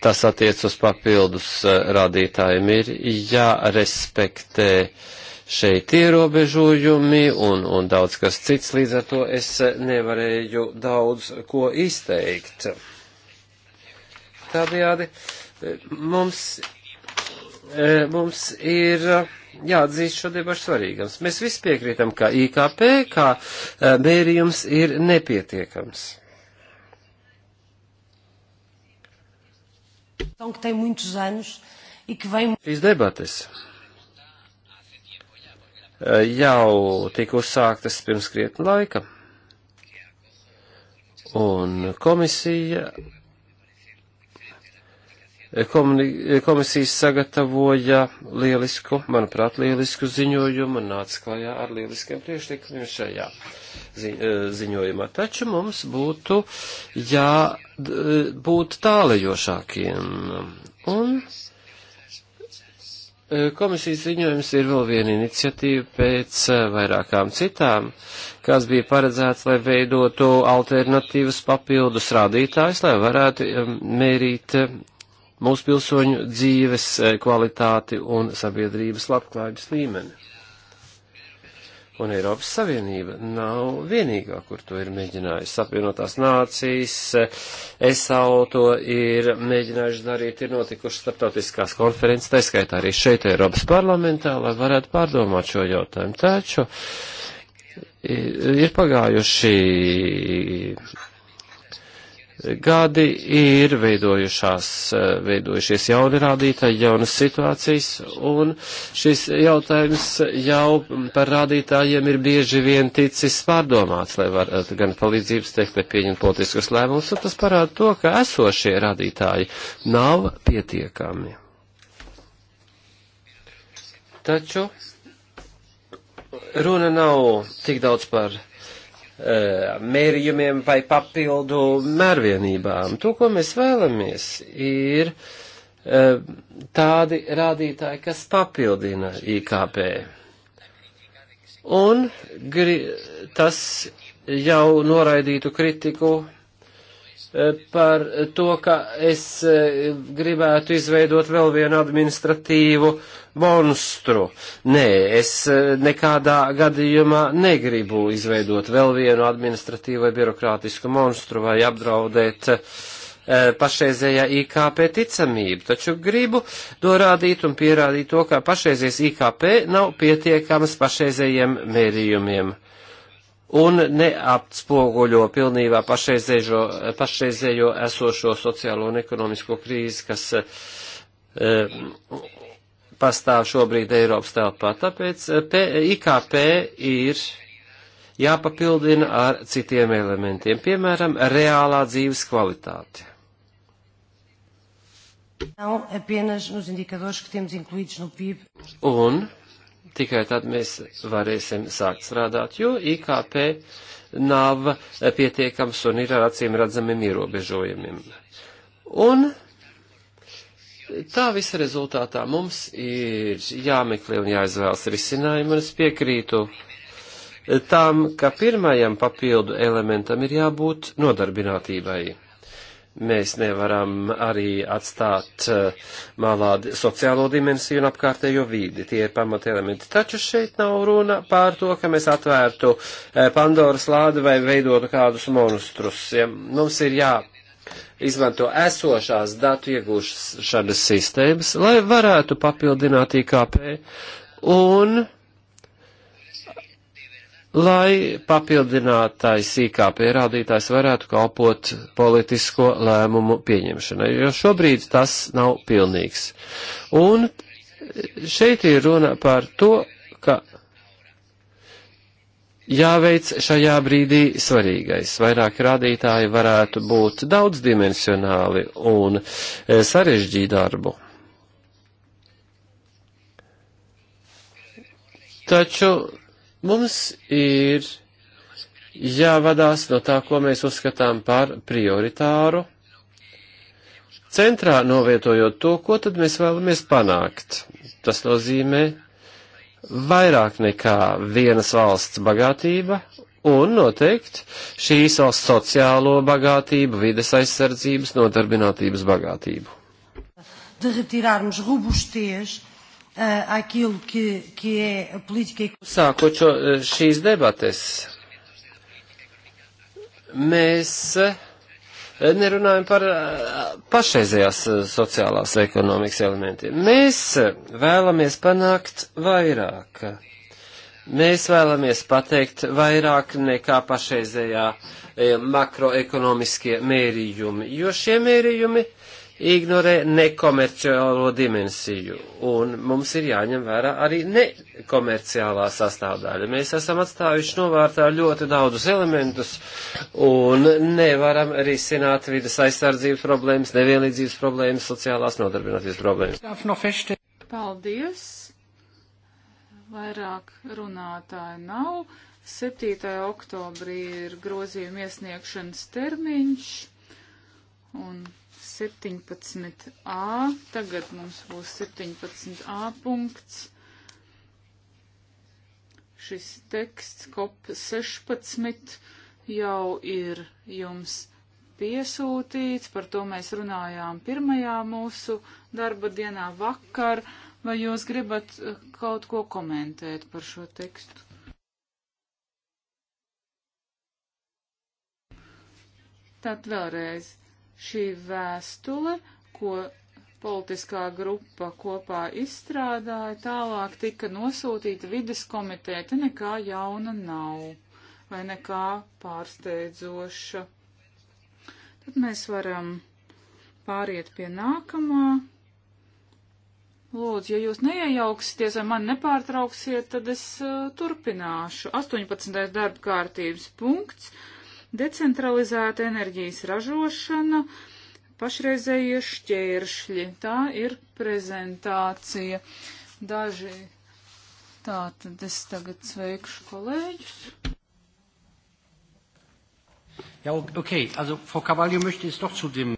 tas attiec uz papildus rādītājiem. Ir jārespektē šeit ierobežojumi un, un daudz kas cits, līdz ar to es nevarēju daudz ko izteikt. Tādējādi mums E, mums ir e, jāatzīst šo debašu svarīgums. Mēs visi piekrītam, ka IKP kā e, mērījums ir nepietiekams. Šīs debates jau tika uzsāktas pirms krietni laika, un komisija komisijas sagatavoja lielisku, manuprāt, lielisku ziņojumu un nāca klajā ar lieliskiem priekšlikumiem šajā e, ziņojumā. Taču mums būtu jābūt e, tālajošākiem. Un e, komisijas ziņojums ir vēl viena iniciatīva pēc vairākām citām, kas bija paredzēts, lai veidotu alternatīvas papildus rādītājs, lai varētu mērīt mūsu pilsoņu dzīves eh, kvalitāti un sabiedrības labklājības līmeni. Un Eiropas Savienība nav vienīgā, kur to ir mēģinājusi. Apvienotās nācijas, eh, SAO to ir mēģinājuši darīt, ir notikušas starptautiskās konferences, tā skaitā arī šeit Eiropas parlamentā, lai varētu pārdomāt šo jautājumu. Taču eh, ir pagājuši gadi ir veidojušās, eh, veidojušies jauni rādītāji, jaunas situācijas, un šis jautājums jau par rādītājiem ir bieži vien ticis pārdomāts, lai var eh, gan palīdzības teikt, lai pieņem politiskus lēmumus, un tas parāda to, ka esošie rādītāji nav pietiekami. Taču runa nav tik daudz par Eh, mērījumiem vai papildu mērvienībām. To, ko mēs vēlamies, ir eh, tādi rādītāji, kas papildina IKP. Un gri, tas jau noraidītu kritiku par to, ka es e, gribētu izveidot vēl vienu administratīvu monstru. Nē, es e, nekādā gadījumā negribu izveidot vēl vienu administratīvu vai birokrātisku monstru vai apdraudēt uh, pašreizējā IKP ticamību, taču gribu norādīt un pierādīt to, ka pašreizies IKP nav pietiekams pašreizējiem mērījumiem un neapspoguļo pilnībā pašreizējo, pašreizējo esošo sociālo un ekonomisko krīzi, kas e, pastāv šobrīd Eiropas telpā. Tāpēc eh, P, IKP ir jāpapildina ar citiem elementiem, piemēram, reālā dzīves kvalitāte. Un Tikai tad mēs varēsim sākt strādāt, jo IKP nav pietiekams un ir ar acīm redzamiem ierobežojumiem. Un tā visa rezultātā mums ir jāmeklē un jāizvēlas risinājumi, un es piekrītu tam, ka pirmajam papildu elementam ir jābūt nodarbinātībai mēs nevaram arī atstāt eh, malā sociālo dimensiju un apkārtējo vīdi. Tie ir pamata elementi. Taču šeit nav runa pār to, ka mēs atvērtu eh, Pandoras lādi vai veidotu kādus monstrus. Ja mums ir jā izmanto esošās datu iegūšanas sistēmas, lai varētu papildināt IKP un lai papildinātais IKP rādītājs varētu kalpot politisko lēmumu pieņemšanai, jo šobrīd tas nav pilnīgs. Un šeit ir runa par to, ka jāveic šajā brīdī svarīgais. Vairāk rādītāji varētu būt daudzdimensionāli un e, sarežģīt darbu. Taču Mums ir jāvadās no tā, ko mēs uzskatām par prioritāru, centrā novietojot to, ko tad mēs vēlamies panākt. Tas nozīmē vairāk nekā vienas valsts bagātība un noteikti šīs valsts sociālo bagātību, vides aizsardzības, nodarbinātības bagātību. De retirarmos robustez Eh, aquilo que, que é a política económica. Sākot šo, eh, šīs debates, mēs eh, nerunājam par pašreizējās sociālās ekonomikas elementiem. Mēs vēlamies panākt vairāk. Mēs vēlamies pateikt vairāk nekā pašreizējā makroekonomiskie mērījumi, jo šie mērījumi uh, ignorē nekomerciālo dimensiju, un mums ir jāņem vērā arī nekomerciālā sastāvdaļa. Mēs esam atstājuši novārtā ļoti daudzus elementus, un nevaram risināt vidas aizsardzības problēmas, nevienlīdzības problēmas, sociālās nodarbinātības problēmas. Paldies! Vairāk runātāju nav. 7. oktobrī ir grozījuma iesniegšanas termiņš, un 17a. Tagad mums būs 17a punkts. Šis teksts kop 16 jau ir jums piesūtīts, par to mēs runājām pirmajā mūsu darba dienā vakar. Vai jūs gribat eh, kaut ko komentēt par šo tekstu? Tātad vēlreiz šī vēstule, ko politiskā grupa kopā izstrādāja, tālāk tika nosūtīta vides komitē, te nekā jauna nav vai nekā pārsteidzoša. Tad mēs varam pāriet pie nākamā. Lūdzu, ja jūs neiejauksieties vai man nepārtrauksiet, tad es uh, turpināšu. 18. darba kārtības punkts Decentralizēta enerģijas ražošana, pašreizējie šķēršļi. Tā ir prezentācija. Daži tā tad es tagad sveikšu kolēģus. Ja, okay, also Frau Cavalli möchte es doch zu dem.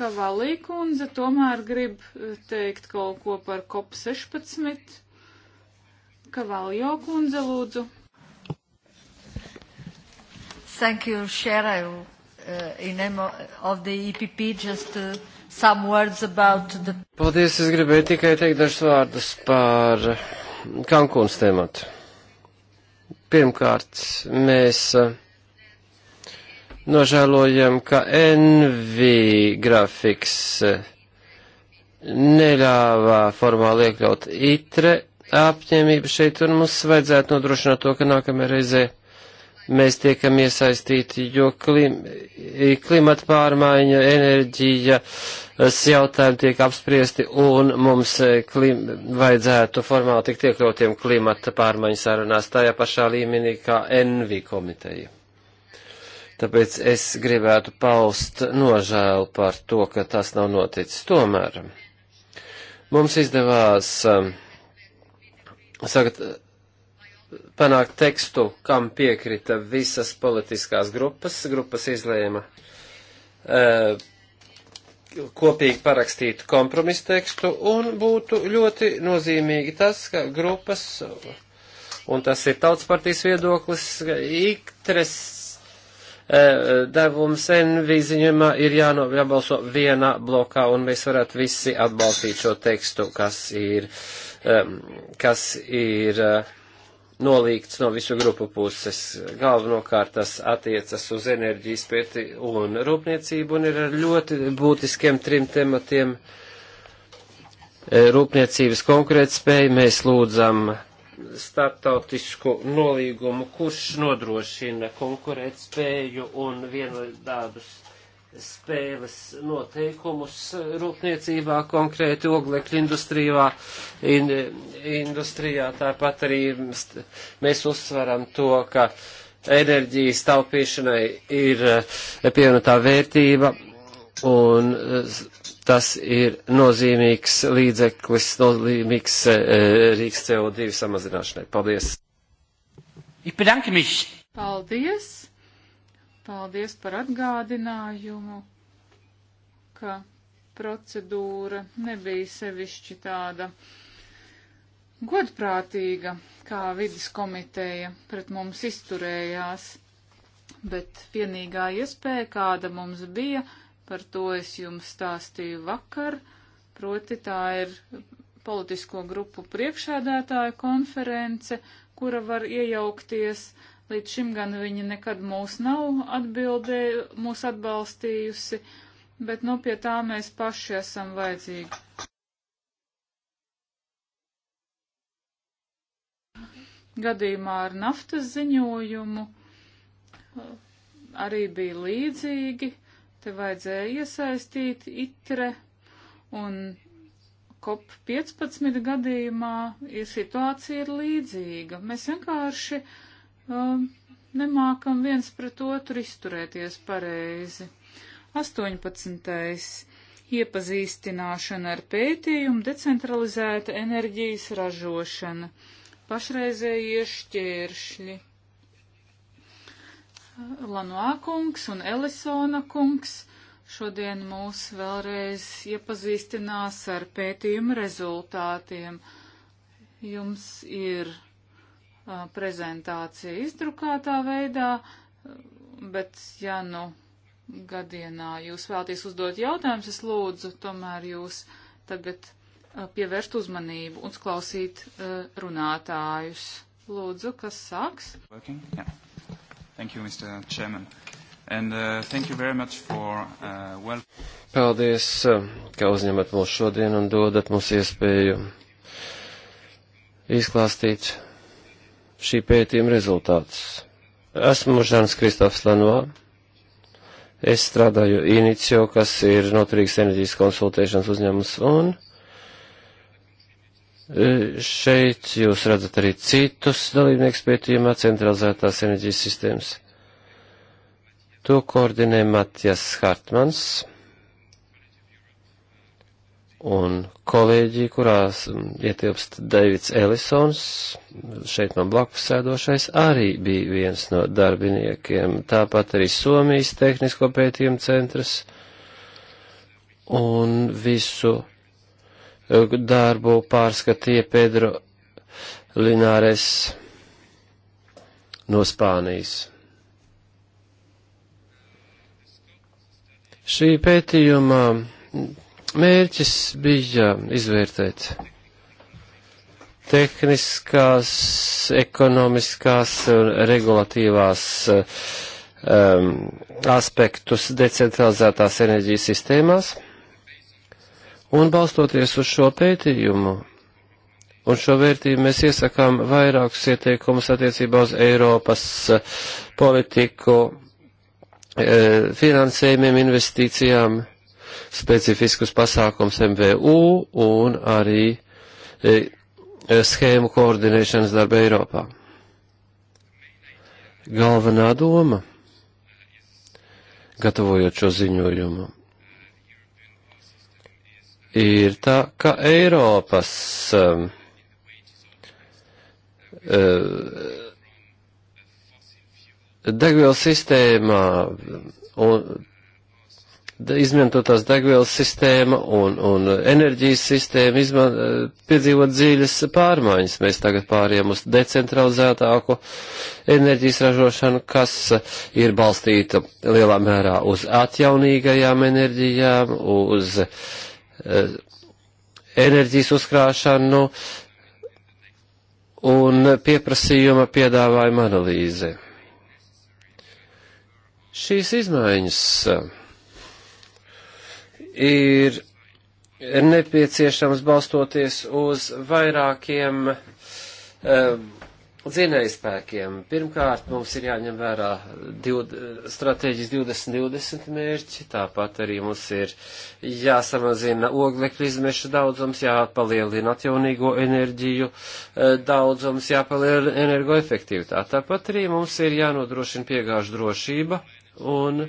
Cavalli kundze tomēr grib eh, teikt kaut ko par COP16. Cavalli kundze lūdzu. Thank you, Chair. I, uh, in name of the EPP, just uh, some words about the... Paldies, es gribēju tikai teikt dažus vārdus par Kankūnas tematu. Pirmkārt, mēs uh, nožēlojam, ka NV grafiks uh, neļāvā formāli iekļaut itre apņēmību šeit, un mums vajadzētu nodrošināt to, ka nākamajā reizē mēs tiekam iesaistīti, jo klim, klimata pārmaiņa, enerģijas jautājumi tiek apspriesti un mums eh, klim, vajadzētu formāli tikt iekļautiem klimata pārmaiņu sarunās tajā pašā līmenī kā NV komiteja. Tāpēc es gribētu paust nožēlu par to, ka tas nav noticis. Tomēr mums izdevās eh, sagatavot panākt tekstu, kam piekrita visas politiskās grupas. Grupas izlēma uh, kopīgi parakstīt kompromisu tekstu un būtu ļoti nozīmīgi tas, ka grupas, un tas ir tautas partijas viedoklis, iktres uh, devums NV ziņojumā ir jāno, jābalso vienā blokā un mēs varētu visi atbalstīt šo tekstu, kas ir, um, kas ir uh, nolīgts no visu grupu puses. Galvenokārt tas attiecas uz enerģijas pēti un rūpniecību un ir ar ļoti būtiskiem trim tematiem. E, rūpniecības konkurētspēja mēs lūdzam startautisku nolīgumu, kurš nodrošina konkurētspēju un vienādus spēles noteikumus rūpniecībā, konkrēti oglekļa industrijā, in, industrijā. Tāpat arī mēs uzsveram to, ka enerģijas taupīšanai ir eh, pievienotā vērtība un eh, tas ir nozīmīgs līdzeklis, nozīmīgs eh, rīks CO2 samazināšanai. Paldies! Ich bedanke mich. Paldies! Paldies par atgādinājumu, ka procedūra nebija sevišķi tāda godprātīga, kā vidas komiteja pret mums izturējās, bet vienīgā iespēja, kāda mums bija, par to es jums stāstīju vakar, proti tā ir politisko grupu priekšādātāja konference, kura var iejaukties uh, Līdz šim gan viņa nekad mūs nav atbildēju, mūs atbalstījusi, bet nu pie tā mēs paši esam vajadzīgi. Gadījumā ar naftas ziņojumu arī bija līdzīgi, te vajadzēja iesaistīt itre un COP15 gadījumā ir situācija ir līdzīga. Mēs vienkārši uh, um, nemākam viens pret otru izturēties pareizi. 18. Iepazīstināšana ar pētījumu decentralizēta enerģijas ražošana, pašreizējie šķēršļi. Lanoā kungs un Elisona kungs šodien mūs vēlreiz iepazīstinās ar pētījumu rezultātiem. Jums ir prezentācija izdrukātā veidā, bet ja nu gadienā jūs vēlties uzdot jautājumus, es lūdzu tomēr jūs tagad pievērst uzmanību un klausīt uh, runātājus. Lūdzu, kas sāks? Working? Yeah. Thank you, Mr. Chairman. And, uh, thank you very much for, uh, well... Paldies, ka uzņemat mūs šodien un dodat mums iespēju izklāstīt šī pētījuma rezultātus. Esmu Žans Kristofs Lanvā. Es strādāju Inicio, kas ir noturīgs enerģijas konsultēšanas uzņēmums, un e, šeit jūs redzat arī citus dalībniekus pētījumā centralizētās enerģijas sistēmas. To koordinē Matjas Hartmans un kolēģi, kurās ietilpst Deivids Ellisons, šeit man blakus sēdošais, arī bija viens no darbiniekiem, tāpat arī Somijas tehnisko pētījumu centrs un visu eh, darbu pārskatīja Pedro Lināres no Spānijas. Šī pētījuma Mērķis bija izvērtēt tehniskās, ekonomiskās un regulatīvās um, aspektus decentralizētās enerģijas sistēmās. Un balstoties uz šo pētījumu un šo vērtību mēs iesakām vairākus ieteikumus attiecībā uz Eiropas uh, politiku, uh, finansējumiem, investīcijām specifiskus pasākums MVU un arī e, e, schēmu koordinēšanas darba Eiropā. Galvenā doma, gatavojot šo ziņojumu, ir tā, ka Eiropas um, e, degvielas sistēmā un izmantotās degvielas sistēma un, un enerģijas sistēma izman, eh, piedzīvot dziļas pārmaiņas. Mēs tagad pāriem uz decentralizētāku enerģijas ražošanu, kas ir balstīta lielā mērā uz atjaunīgajām enerģijām, uz eh, enerģijas uzkrāšanu un pieprasījuma piedāvājuma analīzi. Šīs izmaiņas eh, ir nepieciešams balstoties uz vairākiem um, dzinējspēkiem. Pirmkārt, mums ir jāņem vērā stratēģis 2020 mērķi, tāpat arī mums ir jāsamazina oglekļu izmešu daudzums, jāpalielina atjaunīgo enerģiju eh, daudzums, jāpalielina energoefektivitāte. Tāpat arī mums ir jānodrošina piegāžu drošība un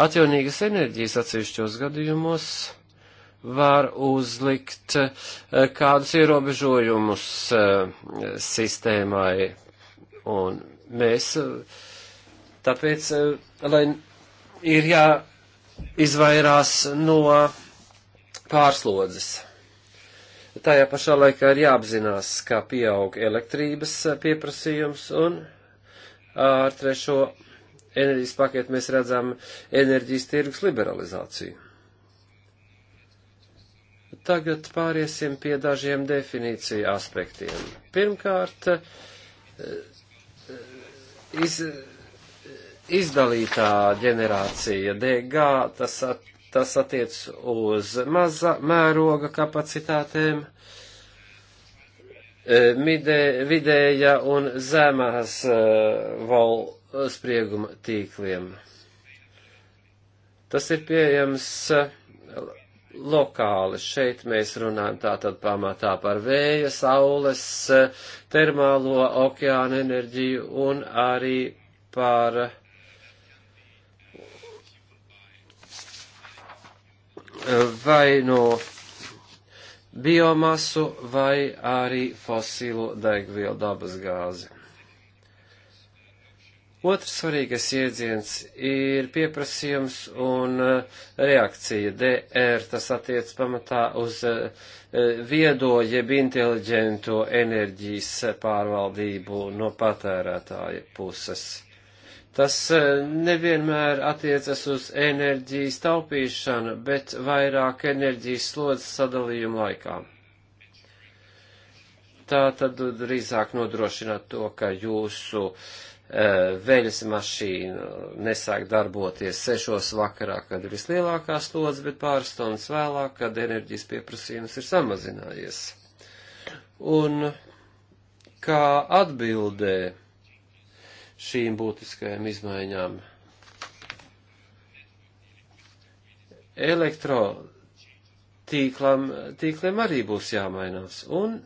Atjaunīgas enerģijas atsevišķos gadījumos var uzlikt eh, kādus ierobežojumus eh, sistēmai. Un mēs eh, tāpēc, lai ir jāizvairās no pārslodzes. Tajā pašā laikā ir jāapzinās, kā pieaug elektrības pieprasījums un ar trešo enerģijas paketu mēs redzam enerģijas tirgus liberalizāciju. Tagad pāriesim pie dažiem definīciju aspektiem. Pirmkārt, iz, izdalītā ģenerācija DG, tas, at, tas attiec uz maza mēroga kapacitātēm, e, midē, vidēja un zemās uh, e, valsts sprieguma tīkliem. Tas ir pieejams eh, lokāli. Šeit mēs runājam tātad pamatā par vēja, saules, eh, termālo okeāna enerģiju un arī par eh, vai no biomasu vai arī fosilo degvielu dabas gāzi. Otrs svarīgais iedziens ir pieprasījums un eh, reakcija. DR tas attiec pamatā uz eh, viedo jeb inteliģento enerģijas pārvaldību no patērētāja puses. Tas eh, nevienmēr attiecas uz enerģijas taupīšanu, bet vairāk enerģijas slodzes sadalījumu laikā tā tad drīzāk nodrošināt to, ka jūsu vēļas mašīna nesāk darboties sešos vakarā, kad ir vislielākā slodze, bet pāris stundas vēlāk, kad enerģijas pieprasījums ir samazinājies. Un kā atbildē šīm būtiskajām izmaiņām elektro tīklam, tīkliem arī būs jāmainās. Un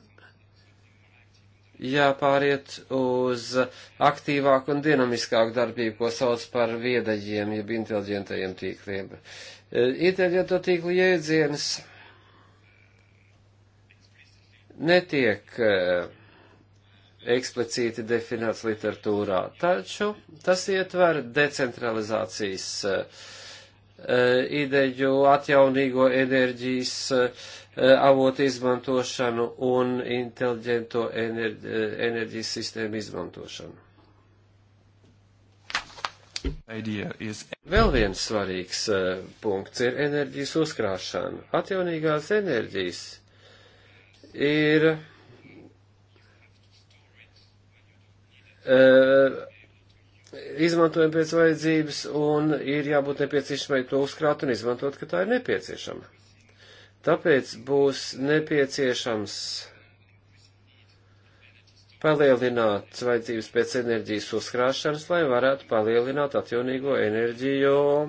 jāpāriet uz aktīvāku un dinamiskāku darbību, ko sauc par viedajiem, jeb inteliģentajiem tīkliem. E, Inteliģento tīklu jēdziens netiek e, eksplicīti definēts literatūrā, taču tas ietver decentralizācijas e, ideju, atjaunīgo enerģijas Eh, avotu izmantošanu un inteliģento enerģi, eh, enerģijas sistēmu izmantošanu. Is... Vēl viens svarīgs uh, punkts ir enerģijas uzkrāšana. Atjaunīgās enerģijas ir uh, izmantojama pēc vajadzības un ir jābūt nepieciešamai to uzkrāt un izmantot, ka tā ir nepieciešama. Tāpēc būs nepieciešams palielināt vajadzības pēc enerģijas uzkrāšanas, lai varētu palielināt atjaunīgo enerģiju e,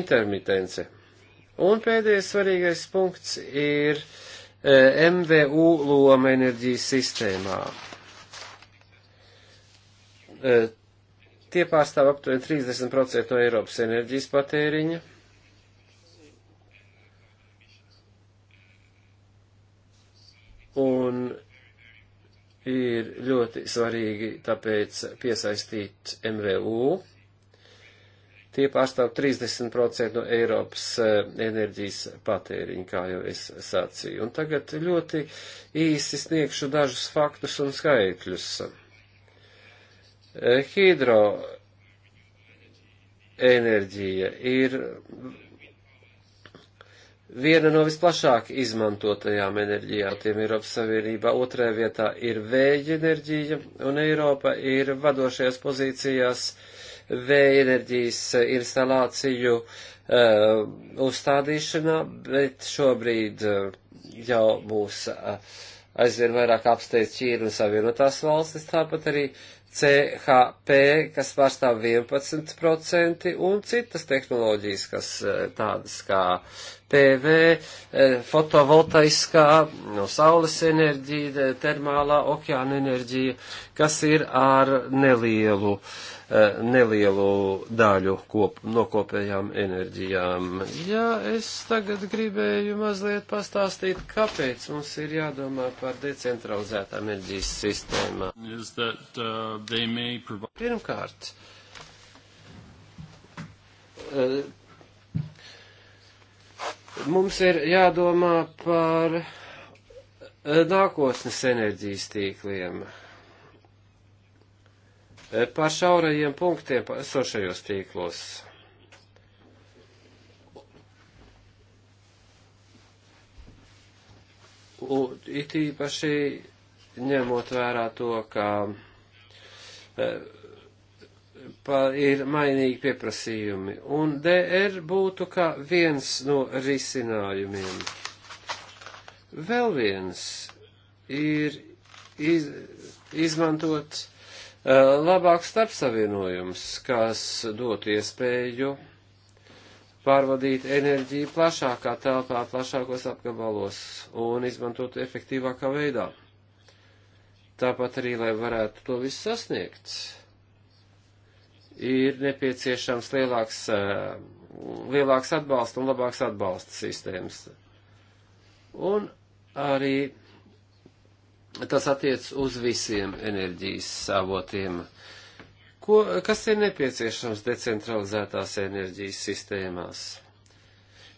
intermitence. Un pēdējais svarīgais punkts ir e, MVU loma enerģijas sistēmā. E, tie pārstāv aptuveni 30% no Eiropas enerģijas patēriņa ļoti svarīgi tāpēc piesaistīt MVU. Tie pārstāv 30% no Eiropas e, enerģijas patēriņa, kā jau es sacīju. Un tagad ļoti īsi sniegšu dažus faktus un skaitļus. E, Hidro enerģija ir viena no visplašāk izmantotajām enerģijām Eiropas Savienībā, otrā vietā ir vēja enerģija, un Eiropa ir vadošajās pozīcijās vēja enerģijas instalāciju uh, uzstādīšanā, bet šobrīd uh, jau mūs uh, eh, aizvien vairāk apsteidz Ķīna un Savienotās valstis, tāpat arī CHP, kas pārstāv 11%, un citas tehnoloģijas, kas tādas kā PV, eh, fotovoltaiskā, no saules enerģija, termālā okeāna enerģija, kas ir ar nelielu, eh, nelielu daļu kop, no kopējām enerģijām. Jā, es tagad gribēju mazliet pastāstīt, kāpēc mums ir jādomā par decentralizētām enerģijas sistēmām. That, uh, provide... Pirmkārt, eh, Mums ir jādomā par eh, nākotnes enerģijas tīkliem, eh, par šaurajiem punktiem esošajos tīklos. Un it īpaši ņemot vērā to, ka eh, ir mainīgi pieprasījumi, un DR būtu kā viens no risinājumiem. Vēl viens ir iz, izmantot uh, labāk starpsavienojums, kas dotu iespēju pārvadīt enerģiju plašākā telpā, plašākos apgabalos un izmantot efektīvākā veidā. Tāpat arī, lai varētu to visu sasniegt ir nepieciešams lielāks, eh, lielāks atbalsts un labāks atbalsta sistēmas. Un arī tas attiec uz visiem enerģijas avotiem. Ko, kas ir nepieciešams decentralizētās enerģijas sistēmās?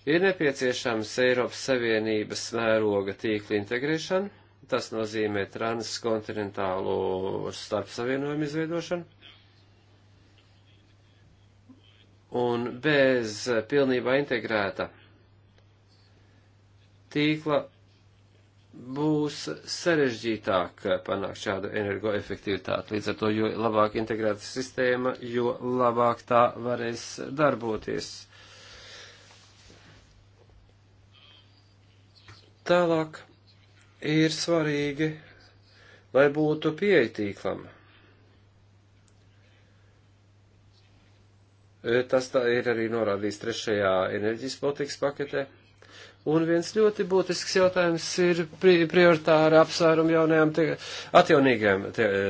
Ir nepieciešams Eiropas Savienības mēroga tīkla integrēšana, tas nozīmē transkontinentālo starpsavienojumu izveidošanu un bez pilnībā integrēta tīkla būs sarežģītāk panākt šādu energoefektivitāti. Līdz ar to, jo labāk integrēta sistēma, jo labāk tā varēs darboties. Tālāk ir svarīgi, lai būtu pieeja tīklam. E, tas tā ir arī norādīts trešajā enerģijas politikas paketē. Un viens ļoti būtisks jautājums ir pri prioritāra apsvērumu jaunajām te atjaunīgajām te e,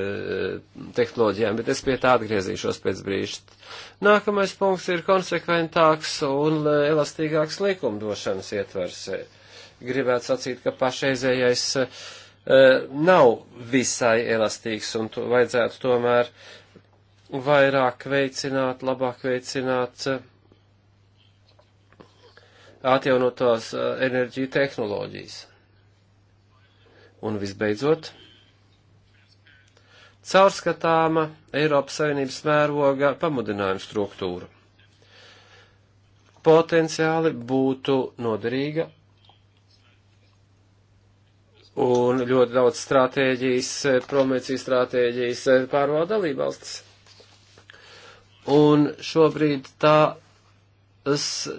tehnoloģijām, bet es pie tā atgriezīšos pēc brīža. Nākamais punkts ir konsekventāks un elastīgāks likumdošanas ietvers. Gribētu sacīt, ka pašreizējais uh, nav visai elastīgs un to vajadzētu tomēr uh, vairāk veicināt, labāk veicināt eh, atjaunotās eh, enerģiju tehnoloģijas. Un visbeidzot, caurskatāma Eiropas Savienības mēroga pamudinājuma struktūra potenciāli būtu noderīga un ļoti daudz stratēģijas, eh, promēcijas stratēģijas pārvalda dalībvalstis un šobrīd tā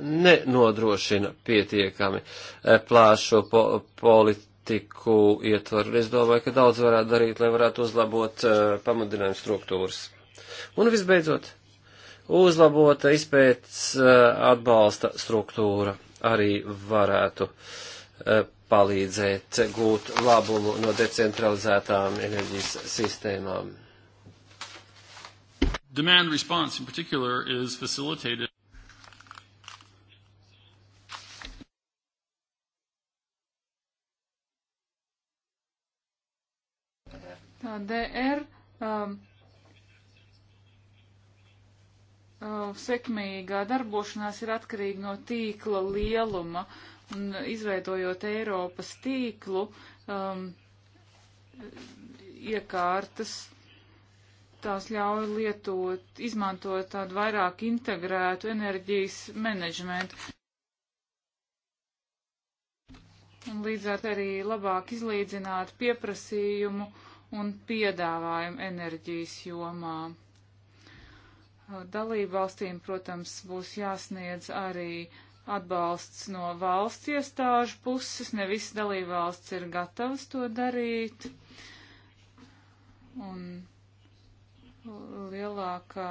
nenodrošina pietiekami e, plāšo po politiku ietvaru. Es domāju, ka daudz varētu darīt, lai varētu uzlabot e, pamudinājumu struktūras. Un visbeidzot, uzlabota izpētes e, atbalsta struktūra arī varētu palīdzēt gūt labumu no decentralizētām enerģijas sistēmām. Demand response in particular is facilitated DR um, uh, sekmīgā darbošanās ir atkarīga no tīkla lieluma, un izveidojot Eiropas tīklu, um, iekārtas tās ļauj lietot, izmantot tādu vairāk integrētu enerģijas menedžmentu. Un līdz ar to arī labāk izlīdzināt pieprasījumu un piedāvājumu enerģijas jomā. Dalību valstīm, protams, būs jāsniedz arī atbalsts no valsts iestāžu puses. Ne visas dalību valsts ir gatavas to darīt. Un lielākā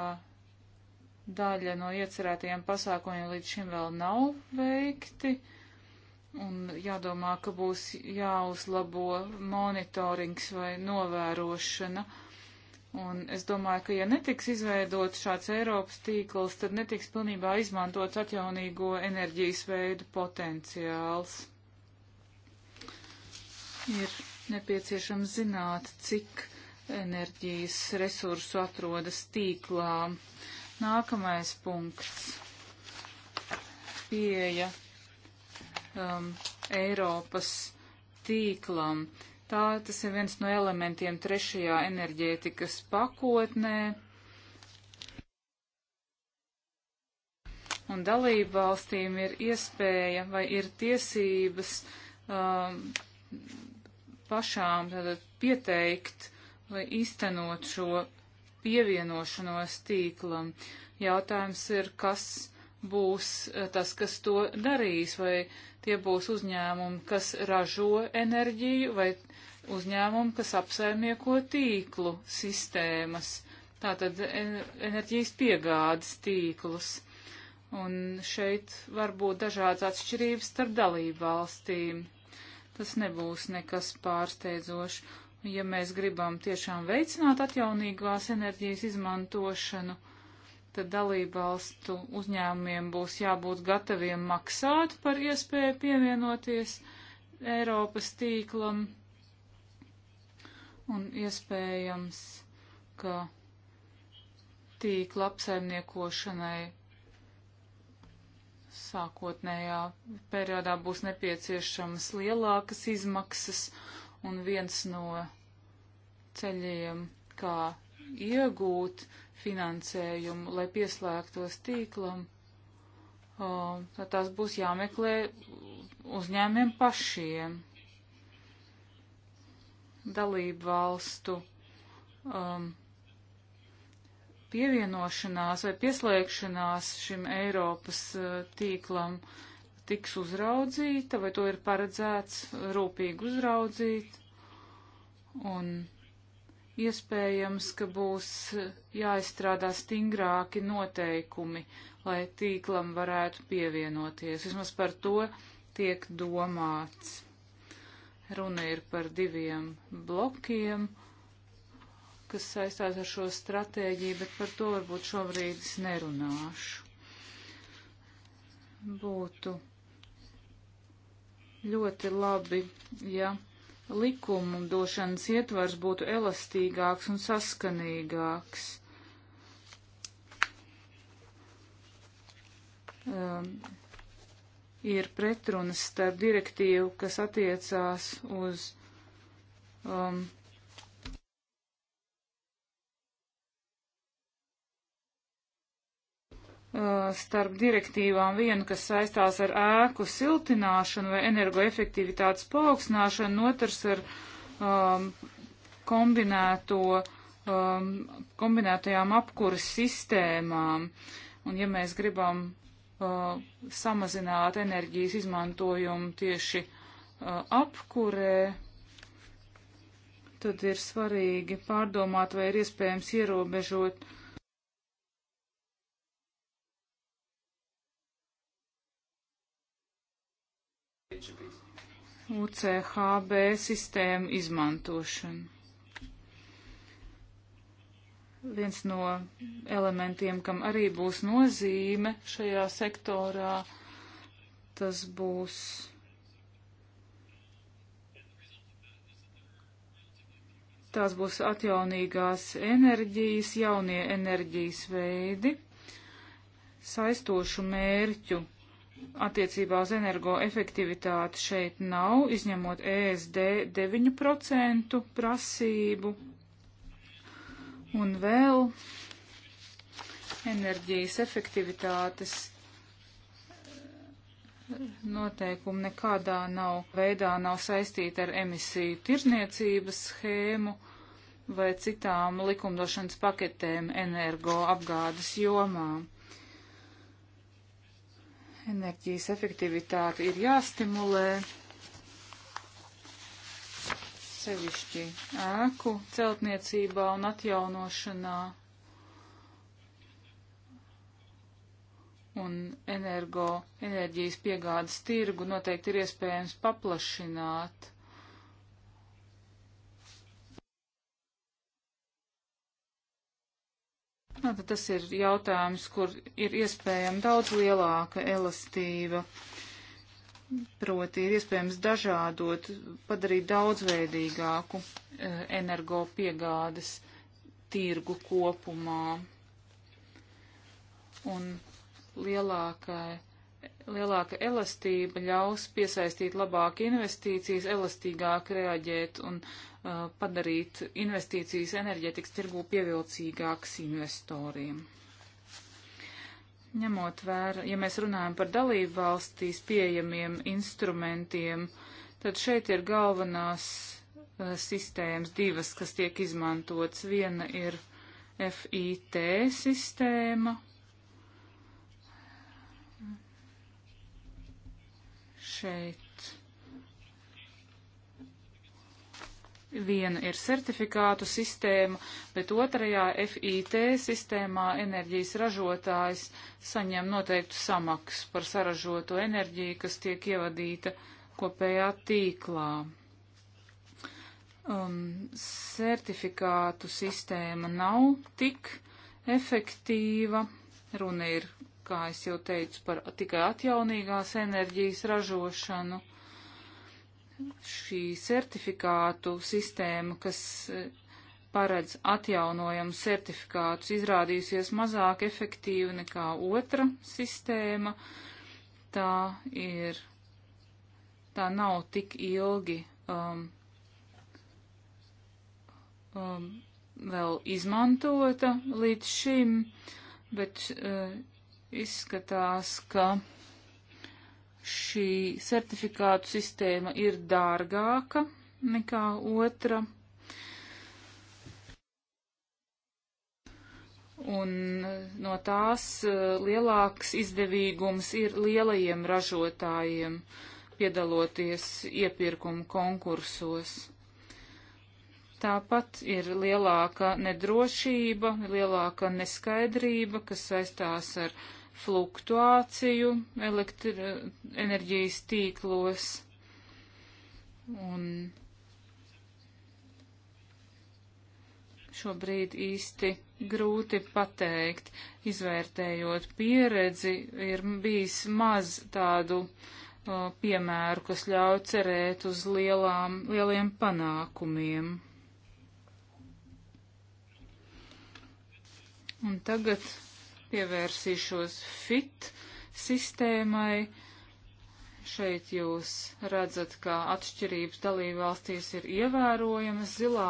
daļa no iecerētajiem pasākumiem līdz šim vēl nav veikti. Un jādomā, ka būs jāuzlabo monitorings vai novērošana. Un es domāju, ka ja netiks izveidot šāds Eiropas tīkls, tad netiks pilnībā izmantots atjaunīgo enerģijas veidu potenciāls. Ir nepieciešams zināt, cik enerģijas resursu atrodas tīklā. Nākamais punkts - pieeja um, Eiropas tīklam. Tā tas ir viens no elementiem trešajā enerģētikas pakotnē. Un dalību valstīm ir iespēja vai ir tiesības um, pašām tātad, pieteikt lai īstenot šo pievienošanos tīklam. Jautājums ir, kas būs eh, tas, kas to darīs, vai tie būs uzņēmumi, kas ražo enerģiju, vai uzņēmumi, kas apsaimnieko tīklu sistēmas, tātad e, enerģijas piegādes tīklus. Un šeit var būt dažādas atšķirības starp dalību valstīm. Tas nebūs nekas pārsteidzošs ja mēs gribam tiešām veicināt atjaunīgās enerģijas izmantošanu, tad dalībvalstu uzņēmumiem būs jābūt gataviem maksāt par iespēju pievienoties Eiropas tīklam. Un iespējams, ka tīkla apsaimniekošanai sākotnējā periodā būs nepieciešamas lielākas izmaksas un viens no ceļiem, kā iegūt finansējumu, lai pieslēgtos tīklam, tad tās būs jāmeklē uzņēmiem pašiem. Dalību valstu um, pievienošanās vai pieslēgšanās šim Eiropas uh, tīklam uh, tiks uzraudzīta, vai to ir paredzēts rūpīgi uzraudzīt. Un iespējams, ka būs jāizstrādā stingrāki noteikumi, lai tīklam varētu pievienoties. Vismaz par to tiek domāts. Runa ir par diviem blokiem kas saistās ar šo stratēģiju, bet par to varbūt šobrīd es nerunāšu. Būtu ļoti labi, ja likumu došanas ietvars būtu elastīgāks un saskanīgāks. Um, ir pretrunas starp direktīvu, kas attiecās uz um, Uh, starp direktīvām vienu, kas saistās ar ēku siltināšanu vai energoefektivitātes paaugstināšanu, otrs ar um, kombinēto, um, kombinētajām apkuras sistēmām. Un ja mēs gribam uh, samazināt enerģijas izmantojumu tieši uh, apkurē, tad ir svarīgi pārdomāt, vai ir iespējams ierobežot uh, UCHB sistēmu izmantošanu. Viens no elementiem, kam arī būs nozīme šajā sektorā, tas būs tās būs atjaunīgās enerģijas, jaunie enerģijas veidi, saistošu mērķu attiecībā uz energoefektivitāti šeit nav, izņemot ESD 9% prasību. Un vēl enerģijas efektivitātes noteikumi nekādā nav veidā nav saistīti ar emisiju tirzniecības schēmu vai citām likumdošanas paketēm energo apgādes jomām enerģijas efektivitāte ir jāstimulē sevišķi ēku celtniecībā un atjaunošanā un energo, enerģijas piegādes tirgu noteikti ir iespējams paplašināt. Tātad tas ir jautājums, kur ir iespējama daudz lielāka elastība. Proti, ir iespējams dažādot, padarīt daudzveidīgāku e, energo piegādes tirgu kopumā. Un lielākai Lielāka elastība ļaus piesaistīt labāk investīcijas, elastīgāk reaģēt un uh, padarīt investīcijas enerģetikas tirgū pievilcīgākas investoriem. Ņemot vērā, ja mēs runājam par dalību valstīs pieejamiem instrumentiem, tad šeit ir galvenās uh, sistēmas divas, kas tiek izmantotas. Viena ir FIT sistēma, šeit viena ir certifikātu sistēma, bet otrajā FIT sistēmā enerģijas ražotājs saņem noteiktu samaksu par saražoto enerģiju, kas tiek ievadīta kopējā tīklā. Um, certifikātu sistēma nav tik efektīva, runa ir kā es jau teicu, par tikai atjaunīgās enerģijas ražošanu. Šī certifikātu sistēma, kas e, paredz atjaunojamu certifikātus, izrādījusies mazāk efektīva nekā otra sistēma. Tā ir, tā nav tik ilgi um, um, vēl izmantota līdz šim, bet uh, Izskatās, ka šī certifikātu sistēma ir dārgāka nekā otra. Un no tās eh, lielāks izdevīgums ir lielajiem ražotājiem piedaloties iepirkumu konkursos. Tāpat ir lielāka nedrošība, lielāka neskaidrība, kas saistās ar fluktuāciju elektri, enerģijas tīklos. Un šobrīd īsti grūti pateikt, izvērtējot pieredzi, ir bijis maz tādu uh, piemēru, kas ļauj cerēt uz lielām, lieliem panākumiem. Un tagad pievērsīšos fit sistēmai. Šeit jūs redzat, ka atšķirības dalībvalstīs ir ievērojamas. Zilā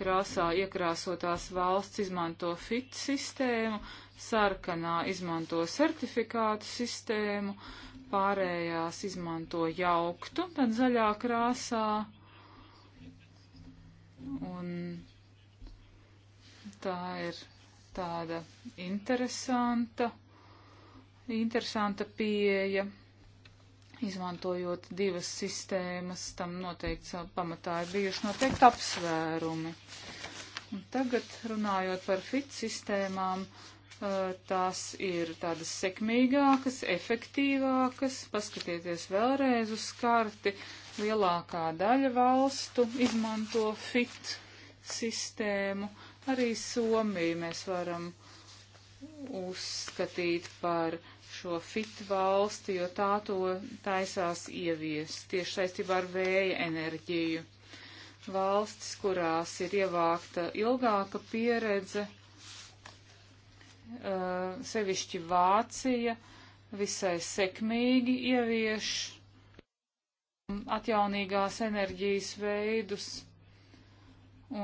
krāsā iekrāsotās valsts izmanto fit sistēmu, sarkanā izmanto certifikātu sistēmu, pārējās izmanto jauktu, tad zaļā krāsā. Un tā ir tāda interesanta, interesanta pieeja, izmantojot divas sistēmas, tam noteikti pamatā ir bijuši noteikti apsvērumi. Un tagad runājot par fit sistēmām, eh, tās ir tādas sekmīgākas, efektīvākas. Paskatieties vēlreiz uz karti. Lielākā daļa valstu izmanto fit sistēmu. Uh, Arī Somiju mēs varam uzskatīt par šo fit valsti, jo tā to taisās ievies tieši saistībā ar vēja enerģiju. Valstis, kurās ir ievākta ilgāka pieredze, uh, sevišķi Vācija, visai sekmīgi ievieš atjaunīgās enerģijas veidus.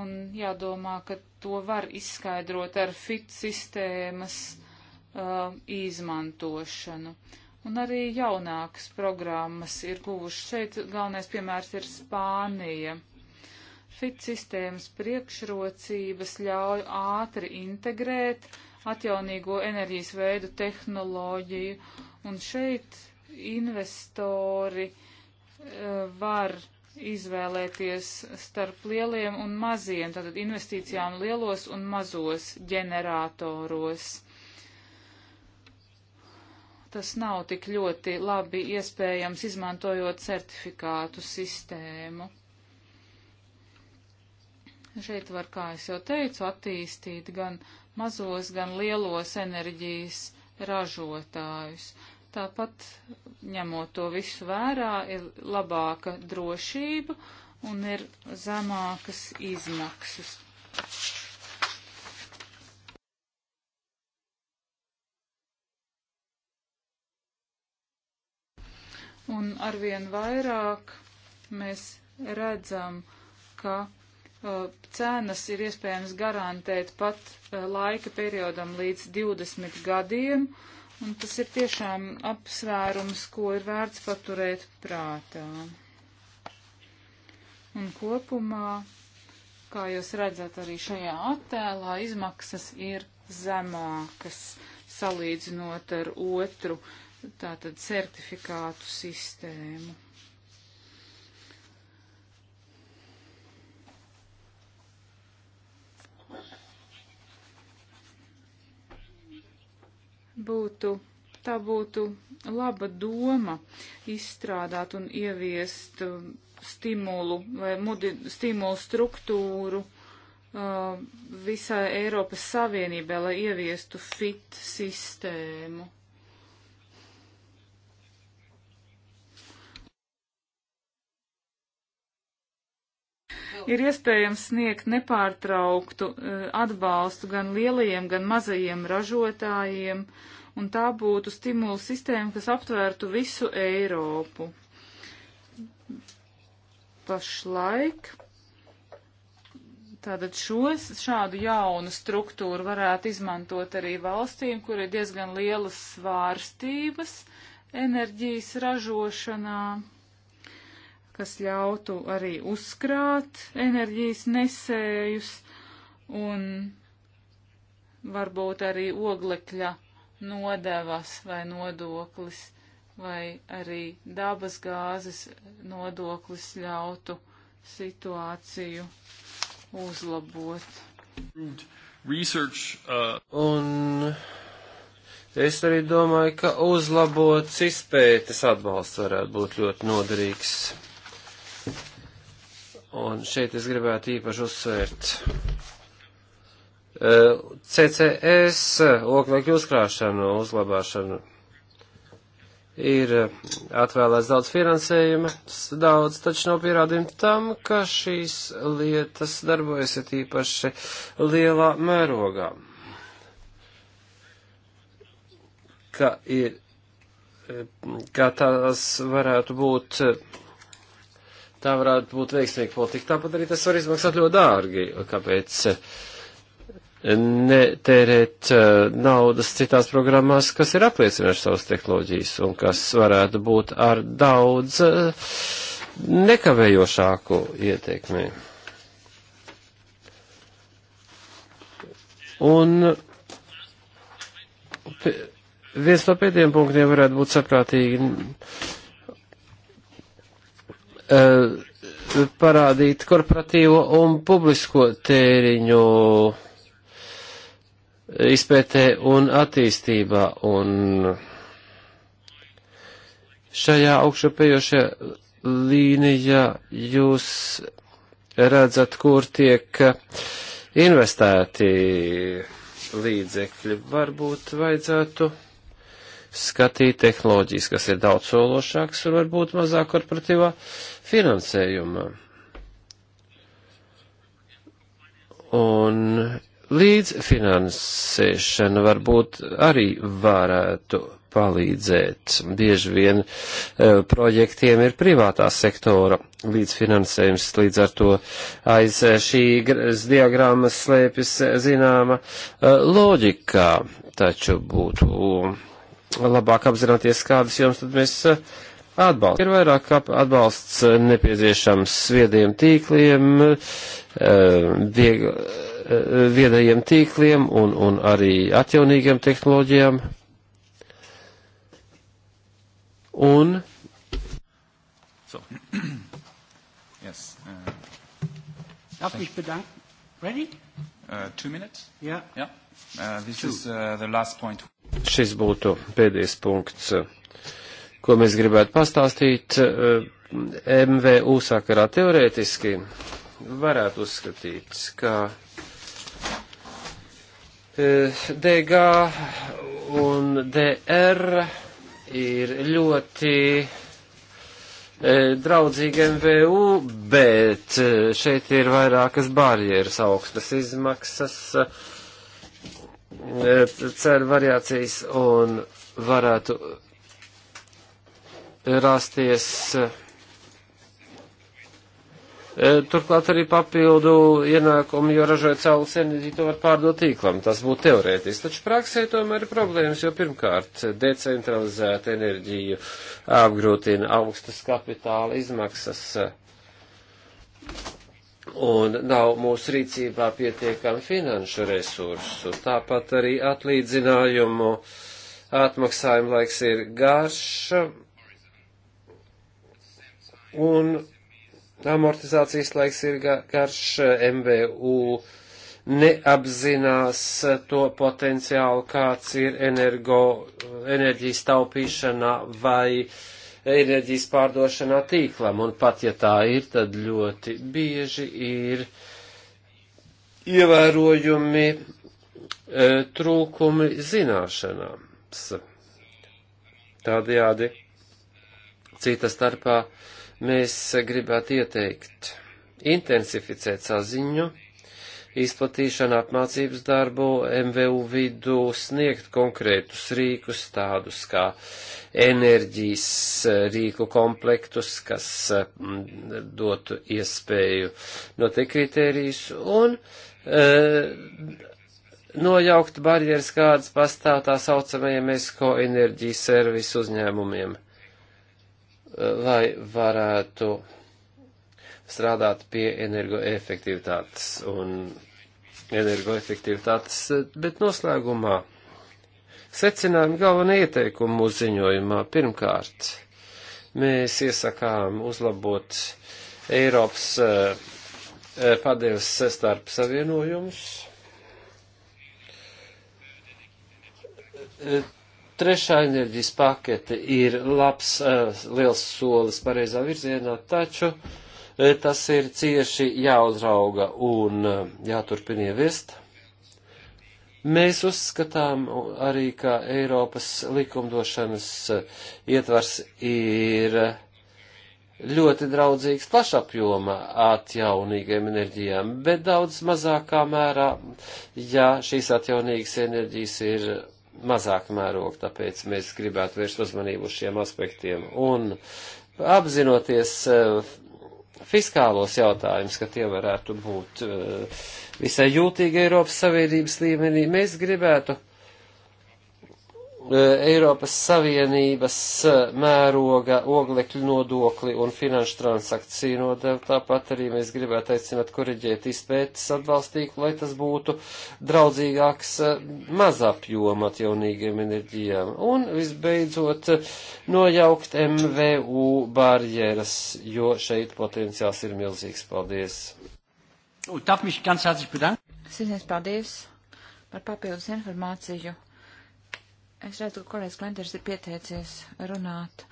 Un jādomā, ka to var izskaidrot ar fit sistēmas uh, izmantošanu. Un arī jaunākas programmas ir guvušas. Šeit galvenais piemērs ir Spānija. Fit sistēmas priekšrocības ļauj ātri integrēt atjaunīgo enerģijas veidu tehnoloģiju, un šeit investori uh, var uh, izvēlēties starp lieliem un maziem, tātad investīcijām lielos un mazos ģeneratoros. Tas nav tik ļoti labi iespējams izmantojot certifikātu sistēmu. Šeit var, kā es jau teicu, attīstīt gan mazos, gan lielos enerģijas ražotājus. Tāpat, ņemot to visu vērā, ir labāka drošība un ir zemākas izmaksas. Un arvien vairāk mēs redzam, ka uh, cenas ir iespējams garantēt pat uh, laika periodam līdz 20 gadiem. Uh, Un tas ir tiešām apsvērums, ko ir vērts paturēt prātā. Un kopumā, kā jūs redzat arī šajā attēlā, izmaksas ir zemākas salīdzinot ar otru tātad certifikātu sistēmu. būtu, tā būtu laba doma izstrādāt un ieviest um, stimulu vai mudi, stimulu struktūru uh, visai Eiropas Savienībai, lai ieviestu fit sistēmu. ir iespējams sniegt nepārtrauktu uh, atbalstu gan lielajiem, gan mazajiem ražotājiem, un tā būtu stimulu sistēma, kas aptvērtu visu Eiropu. Pašlaik tātad šos, šādu jaunu struktūru varētu izmantot arī valstīm, kur ir diezgan lielas svārstības enerģijas ražošanā kas ļautu arī uzkrāt enerģijas nesējus un varbūt arī oglekļa nodevas vai nodoklis vai arī dabas gāzes nodoklis ļautu situāciju uzlabot. Research, uh... Un es arī domāju, ka uzlabots izpētes atbalsts varētu būt ļoti noderīgs. Un šeit es gribētu īpaši uzsvērt eh, CCS, oglekļu uzkrāšanu, uzlabāšanu. Ir eh, atvēlēts daudz finansējuma, daudz, taču nav pierādījumi tam, ka šīs lietas darbojas īpaši lielā mērogā. Ka ir, eh, kā tās varētu būt tā varētu būt veiksmīga politika. Tāpat arī tas var izmaksāt ļoti dārgi, kāpēc eh, netērēt eh, naudas citās programmās, kas ir apliecinājuši savas tehnoloģijas un kas varētu būt ar daudz eh, nekavējošāku ietekmi. Un viens no pēdējiem punktiem varētu būt saprātīgi Uh, parādīt korporatīvo un publisko tēriņu izpētē un attīstībā. Un šajā augšupējošajā līnijā jūs redzat, kur tiek investēti līdzekļi. Varbūt vajadzētu skatīt tehnoloģijas, kas ir daudz sološākas un varbūt mazāk korporatīvā finansējumā. Un līdzfinansēšana varbūt arī varētu palīdzēt. Bieži vien e, projektiem ir privātā sektora līdzfinansējums, līdz ar to aiz šīs diagrammas slēpjas zināma e, loģikā, taču būtu labāk apzināties, kādas jomas tad mēs eh, atbalstām. Ir vairāk atbalsts eh, nepieciešams viediem tīkliem, eh, vieg, viedajiem tīkliem un, un arī atjaunīgiem tehnoloģijām. Un. So. yes, uh, Darf mich bedanken. Ready? Uh, two minutes? Yeah. Yeah. Uh, this two. is uh, the last point. Šis būtu pēdējais punkts, ko mēs gribētu pastāstīt. MVU sakarā teorētiski varētu uzskatīt, ka e, DG un DR ir ļoti e, draudzīgi MVU, bet e, šeit ir vairākas barjeras, augstas izmaksas, uh, E, cenu variācijas un varētu rasties. E, turklāt arī papildu ienākumu, jo ražojot saules enerģiju, to var pārdot tīklam. Tas būtu teorētiski, taču praksē tomēr ir problēmas, jo pirmkārt decentralizēta enerģija apgrūtina augstas kapitāla izmaksas un nav mūsu rīcībā pietiekami finanšu resursu. Tāpat arī atlīdzinājumu atmaksājuma laiks ir garš, un amortizācijas laiks ir garš, MVU neapzinās to potenciālu, kāds ir energo, enerģijas taupīšanā vai uh, enerģijas pārdošanā tīklam, un pat ja tā ir, tad ļoti bieži ir ievērojumi e, trūkumi zināšanās. Tādējādi cita starpā mēs gribētu ieteikt intensificēt saziņu izplatīšanu, apmācības darbu, MVU vidu sniegt konkrētus rīkus, tādus kā enerģijas eh, rīku komplektus, kas mm, dotu iespēju noteikt kritērijus un e, nojaukt barjeras, kādas pastāv tā saucamajiem ESCO enerģijas servisu uzņēmumiem, lai eh, varētu strādāt pie energoefektivitātes un energoefektivitātes, bet noslēgumā secinājumi galvenie ieteikumi mūsu ziņojumā. Pirmkārt, mēs iesakām uzlabot Eiropas uh, eh, eh, padevas starp savienojumus. Eh, trešā enerģijas pakete ir labs, uh, liels solis pareizā virzienā, taču uh, E, tas ir cieši jāuzrauga un e, jāturpina ieviest. Mēs uzskatām arī, ka Eiropas likumdošanas e, ietvars ir ļoti draudzīgs plašapjoma atjaunīgiem enerģijām, bet daudz mazākā mērā, ja šīs atjaunīgas enerģijas ir mazāk mērog, tāpēc mēs gribētu vērst uzmanību uz šiem aspektiem. Un apzinoties fiskālos jautājumus, ka tie varētu būt eh, visai jūtīgi Eiropas Savienības līmenī. Mēs gribētu E, Eiropas Savienības e, mēroga oglekļu nodokli un finanšu transakciju nodevu. Tāpat arī mēs gribētu aicināt koriģēt izpētes atbalstīgu, lai tas būtu draudzīgāks e, mazapjoma atjaunīgiem enerģijām. Un visbeidzot, nojaukt MVU barjeras, jo šeit potenciāls ir milzīgs. Paldies! Sirdnieks paldies par papildus informāciju Es redzu, ka kolēģis Glenders ir pieteicies runāt.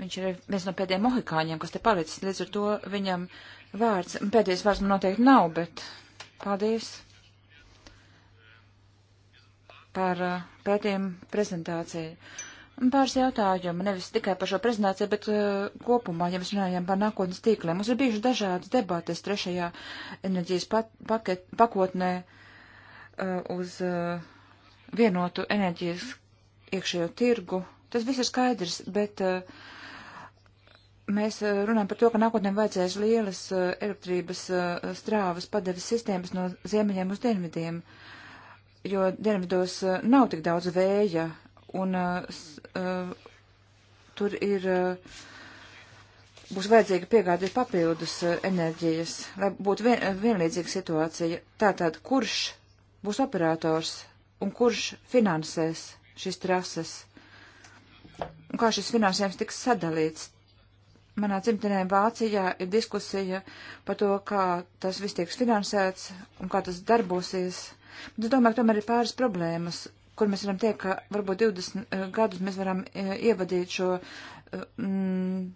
Viņš ir viens no pēdējiem mohikāņiem, kas te palicis. Līdz ar to viņam vārds, pēdējais vārds man noteikti nav, bet paldies par uh, pētījumu prezentāciju. Pāris jautājumu, nevis tikai par šo prezentāciju, bet uh, kopumā, ja mēs runājam par nākotnes tīkliem. Mums ir bijušas dažādas debates trešajā enerģijas pat, paket, pakotnē uh, uz. Uh, vienotu enerģijas iekšējo tirgu. Tas viss ir skaidrs, bet uh, mēs eh, runājam par to, ka nākotnē vajadzēs lielas uh, elektrības uh, strāvas padeves sistēmas no ziemeļiem uz dienvidiem, jo dienvidos nav tik daudz vēja, un tur ir, būs vajadzīga piegādīt papildus enerģijas, lai būtu vien, vienlīdzīga situācija. Tātad, kurš būs operators un kurš finansēs šīs trases, un kā šis finansējums tiks sadalīts. Manā dzimtenē Vācijā ir diskusija par to, kā tas viss tiks finansēts un kā tas darbosies. Bet es domāju, ka tomēr ir pāris problēmas, kur mēs varam teikt, ka varbūt 20 eh, gadus mēs varam eh, ievadīt šo eh, mm,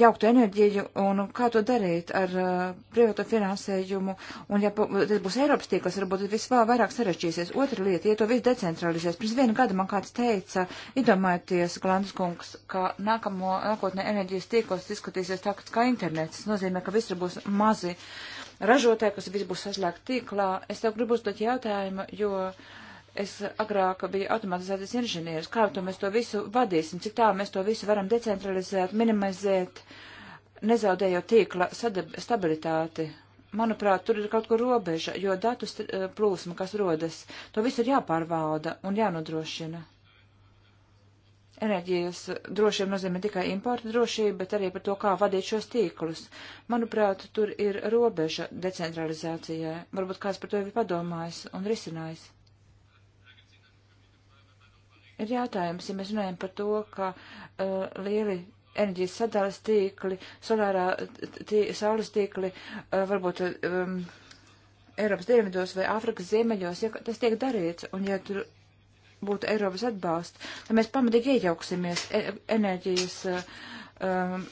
jauktu enerģiju un kā to darīt ar uh, privāto finansējumu. Un ja tas būs Eiropas tīkls, varbūt viss vēl vairāk sarežģīsies. Otra lieta, ja to viss decentralizēs. Pirms vienu gadu man kāds teica, iedomājieties, Glandes kungs, ka nākamo nākotnē enerģijas tīkls izskatīsies tā, kā internets. Tas nozīmē, ka visur būs mazi ražotāji, kas viss būs saslēgti tīklā. Es tev gribu uzdot jautājumu, jo. Uh, es agrāk biju automatizētas inženieris, kā to mēs to visu vadīsim, cik tā mēs to visu varam decentralizēt, minimizēt, nezaudējot tīkla stabilitāti. Manuprāt, tur ir kaut kur robeža, jo datu eh, plūsma, kas rodas, to visu ir jāpārvalda un jānodrošina. Enerģijas eh, drošība nozīmē tikai importa drošība, bet arī par to, kā vadīt šos tīklus. Manuprāt, tur ir robeža decentralizācijai. Varbūt kāds par to ir padomājis un risinājis. Ir jautājums, ja mēs runājam par to, ka uh, lieli enerģijas sadales tīkli, solārā tī, saules tīkli, uh, varbūt um, Eiropas dienvidos vai Āfrikas ziemeļos, ja tas tiek darīts, un ja tur būtu Eiropas atbalsts, tad mēs pamatīgi iejauksimies e enerģijas, uh, um,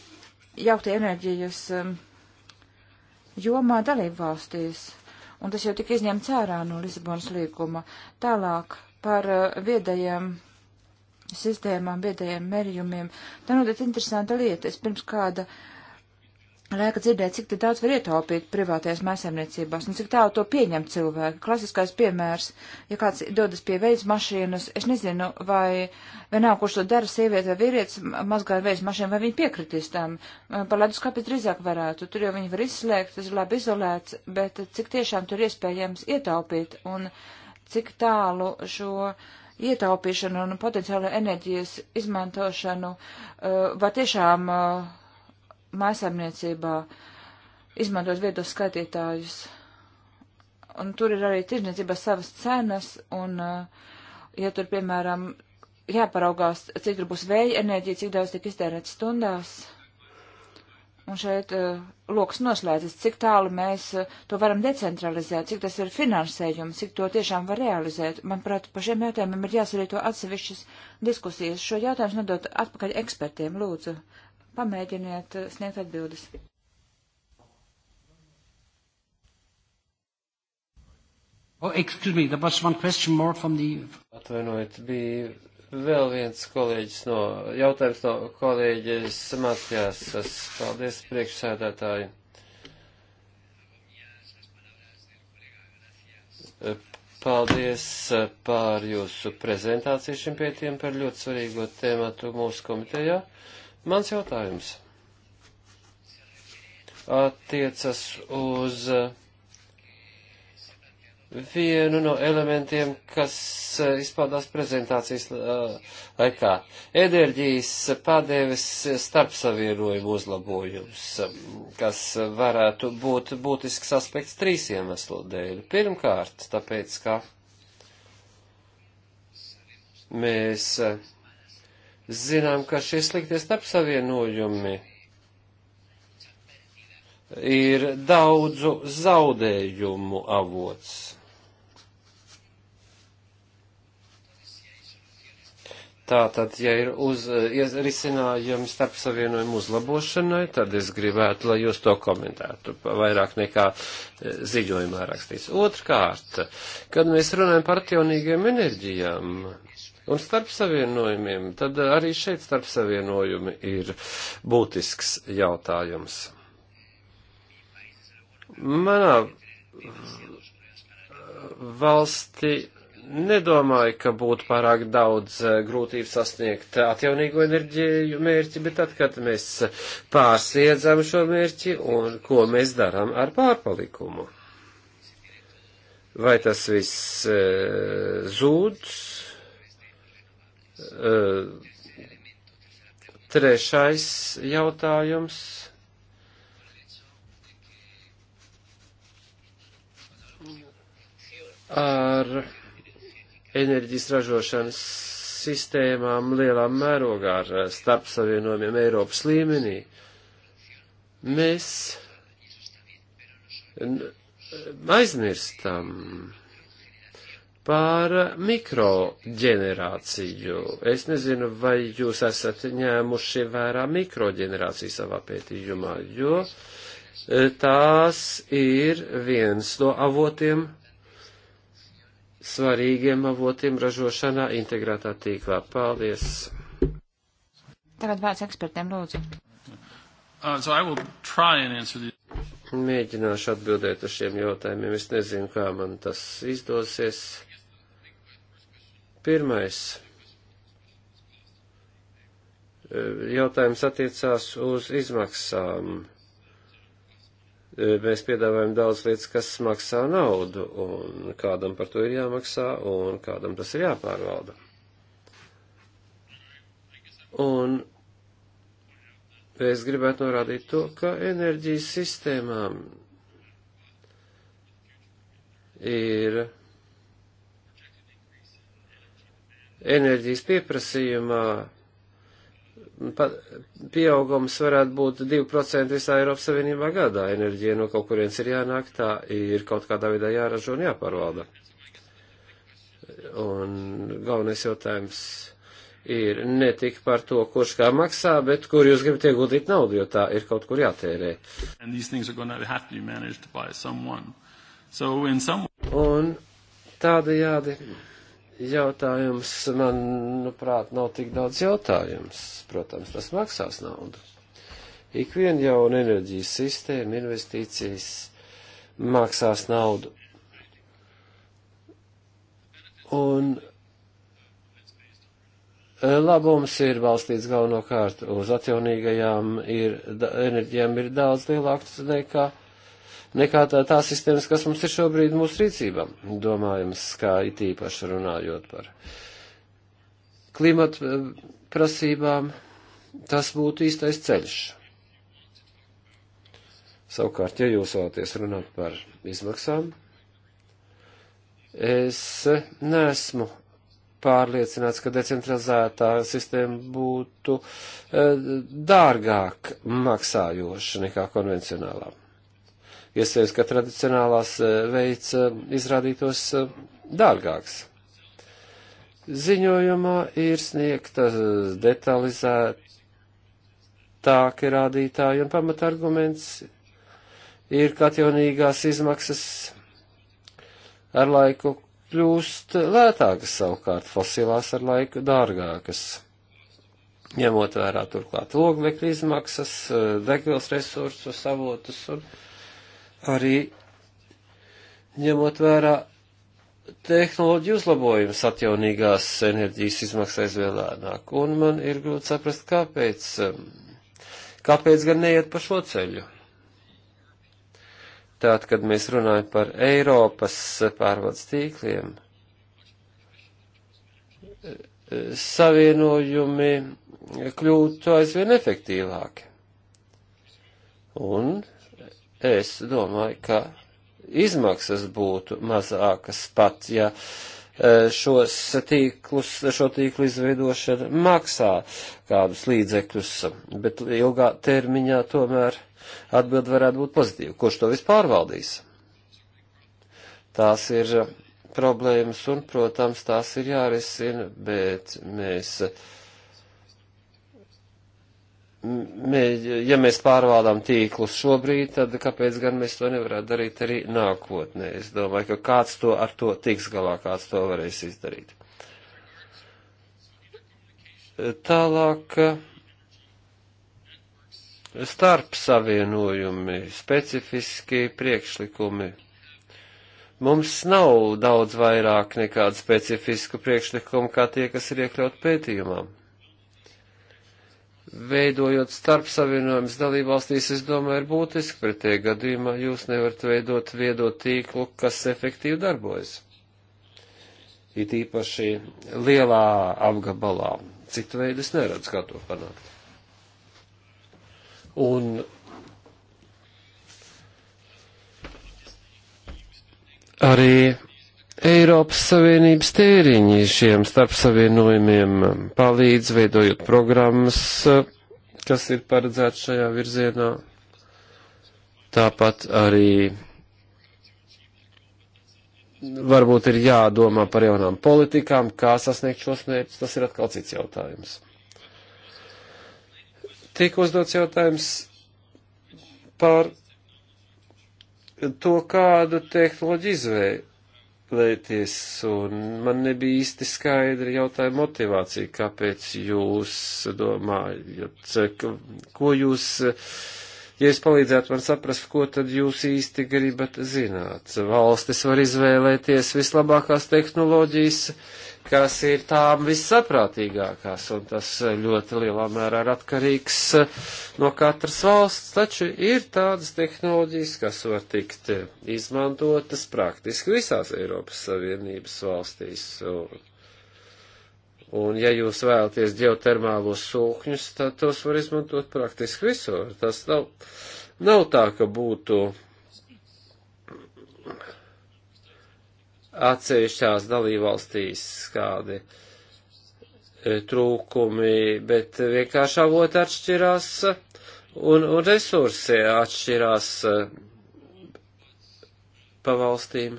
jauktie enerģijas um, jomā dalību valstīs. Un tas jau tika izņemts ārā no Lisabonas līguma. Tālāk par uh, viedajiem sistēmām, viedajiem mērījumiem. Tā notiek interesanta lieta. Es pirms kāda laika dzirdēju, cik daudz var ietaupīt privātajās maisaimniecībās un cik tālu to pieņem cilvēki. Klasiskais piemērs, ja kāds dodas pie veids mašīnas, es nezinu, vai vienalga, kurš to dara, sieviete vai vīrietis, mazgāja veids mašīnu, vai viņi piekritīs tam. Par leduskapis drīzāk varētu, tur jau viņi var izslēgt, tas ir labi izolēts, bet cik tiešām tur iespējams ietaupīt un cik tālu šo. Uh, ietaupīšanu un potenciālu enerģijas izmantošanu eh, var tiešām eh, mājasemniecībā izmantot vietos skaitītājus. Un tur ir arī tirzniecībā savas cenas, un, eh, ja tur, piemēram, jāparaugās, cik tur būs vēja enerģija, cik daudz tiek iztērēt stundās, un šeit uh, eh, loks noslēdzas, cik tālu mēs uh, to varam decentralizēt, cik tas ir finansējums, cik to tiešām var realizēt. Manuprāt, par šiem jautājumiem ir jāsarīto atsevišķas diskusijas. Šo jautājumu nodot atpakaļ ekspertiem, lūdzu. Pamēģiniet uh, sniegt atbildes. Oh, excuse me, there was one question more from the... Atvainojiet, bija Vēl viens kolēģis no, jautājums no kolēģis Matjāsas. Paldies, priekšsēdētāji. Paldies par jūsu prezentāciju šim pētījiem par ļoti svarīgo tēmatu mūsu komitejā. Mans jautājums attiecas uz uh, vienu no elementiem, kas e, izpaudās prezentācijas e, laikā. Enerģijas padeves starpsavienojumu uzlabojums, kas varētu būt būtisks aspekts trīs iemeslu dēļ. Pirmkārt, tāpēc, ka mēs e, zinām, ka šie sliktie starpsavienojumi ir daudzu zaudējumu avots Tātad, ja ir uz, ja eh, risinājumi starp savienojumu uzlabošanai, tad es gribētu, lai jūs to komentētu vairāk nekā eh, ziņojumā rakstīts. Otrkārt, kad mēs runājam par atjaunīgiem enerģijām un starp savienojumiem, tad arī šeit starp savienojumi ir būtisks jautājums. Manā valsti nedomāju, ka būtu pārāk daudz eh, grūtību sasniegt atjaunīgo enerģiju mērķi, bet tad, kad mēs pārsiedzam šo mērķi un ko mēs darām ar pārpalikumu. Vai tas viss e, zūd? E, trešais jautājums. Ar enerģijas ražošanas sistēmām lielā mērogā ar eh, starp savienojumiem Eiropas līmenī, mēs eh, aizmirstam par mikroģenerāciju. Es nezinu, vai jūs esat ņēmuši vērā mikroģenerāciju savā pētījumā, jo eh, tās ir viens no avotiem svarīgiem avotiem ražošanā integrētā tīklā. Paldies! Tagad vārds ekspertiem lūdzu. Uh, so Mēģināšu atbildēt uz šiem jautājumiem. Es nezinu, kā man tas izdosies. Pirmais uh, jautājums attiecās uz izmaksām mēs piedāvājam daudz lietas, kas maksā naudu, un kādam par to ir jāmaksā, un kādam tas ir jāpārvalda. Un es gribētu norādīt to, ka enerģijas sistēmām ir enerģijas pieprasījumā pieaugums varētu būt 2% visā Eiropas Savienībā gadā. Enerģija no kaut kurienes ir jānāk, tā ir kaut kādā veidā jāražo un jāpārvalda. Un galvenais jautājums ir ne tik par to, kurš kā maksā, bet kur jūs gribat ieguldīt naudu, jo tā ir kaut kur jātērē. So some... Un tādajādi. Yeah, jautājums, manuprāt, nu, nav tik daudz jautājums. Protams, tas maksās naudu. Ikviena jauna enerģijas sistēma, investīcijas maksās naudu. Un e, labums ir balstīts galvenokārt uz atjaunīgajām ir, enerģijām ir daudz lielāks nekā nekā tā, tā sistēmas, kas mums ir šobrīd mūsu rīcībām, domājams, kā it īpaši runājot par klimatu eh, prasībām, tas būtu īstais ceļš. Savukārt, ja jūs vēlaties runāt par izmaksām, es neesmu pārliecināts, ka decentralizētā sistēma būtu e, dārgāk maksājoša nekā konvencionālā iespējams, ka tradicionālās eh, veids eh, izrādītos eh, dārgāks. Ziņojumā ir sniegta detalizētāki rādītāji un pamatarguments ir, ka atjaunīgās izmaksas ar laiku kļūst lētākas savukārt, fosilās ar laiku dārgākas ņemot vērā turklāt oglekļa izmaksas, degvielas resursus, avotus un arī ņemot vērā tehnoloģiju uzlabojumus atjaunīgās enerģijas izmaksā aizvēlēnāk. Un man ir grūti saprast, kāpēc, um, kāpēc gan neiet pa šo ceļu. Tātad, kad mēs runājam par Eiropas pārvades tīkliem, savienojumi kļūtu aizvien efektīvāki. Un es domāju, ka izmaksas būtu mazākas pat, ja e, šos tīklus, šo tīklu izveidošana maksā kādus līdzekļus, bet ilgā termiņā tomēr atbild varētu būt pozitīva. Kurš to vispār valdīs? Tās ir problēmas un, protams, tās ir jārisina, bet mēs uh, ja mēs pārvaldām tīklus šobrīd, tad kāpēc gan mēs to nevarētu darīt arī nākotnē? Es domāju, ka kāds to ar to tiks galā, kāds to varēs izdarīt. Tālāk starp savienojumi, specifiski priekšlikumi. Mums nav daudz vairāk nekādu specifisku priekšlikumu kā tie, kas ir iekļaut pētījumam veidojot starp savienojumus dalībvalstīs, es domāju, ir būtiski pretējā gadījumā. Jūs nevarat veidot viedo tīklu, kas efektīvi darbojas. It īpaši lielā apgabalā. Citu veidu es neredzu, kā to panākt. Un arī Eiropas Savienības tēriņi šiem starpsavienojumiem palīdz veidojot programmas, kas ir paredzēts šajā virzienā. Tāpat arī varbūt ir jādomā par jaunām politikām, kā sasniegt šos mērķus, tas ir atkal cits jautājums. Tiek uzdots jautājums par to, kādu tehnoloģiju izvēli apmeklēties, un man nebija īsti skaidri jautāja motivācija, kāpēc jūs domājat, ko jūs, ja jūs palīdzētu man saprast, ko tad jūs īsti gribat zināt. Valstis var izvēlēties vislabākās tehnoloģijas, kas ir tām vissaprātīgākās, un tas ļoti lielā mērā ir atkarīgs eh, no katras valsts, taču ir tādas tehnoloģijas, kas var tikt eh, izmantotas praktiski visās Eiropas Savienības valstīs. Un, un ja jūs vēlaties ģeotermālos sūkņus, tad tos var izmantot praktiski visur. Tas nav, nav tā, ka būtu atsevišķās dalībvalstīs kādi e, trūkumi, bet vienkārši avoti atšķirās un, un resursi atšķirās e, pa valstīm.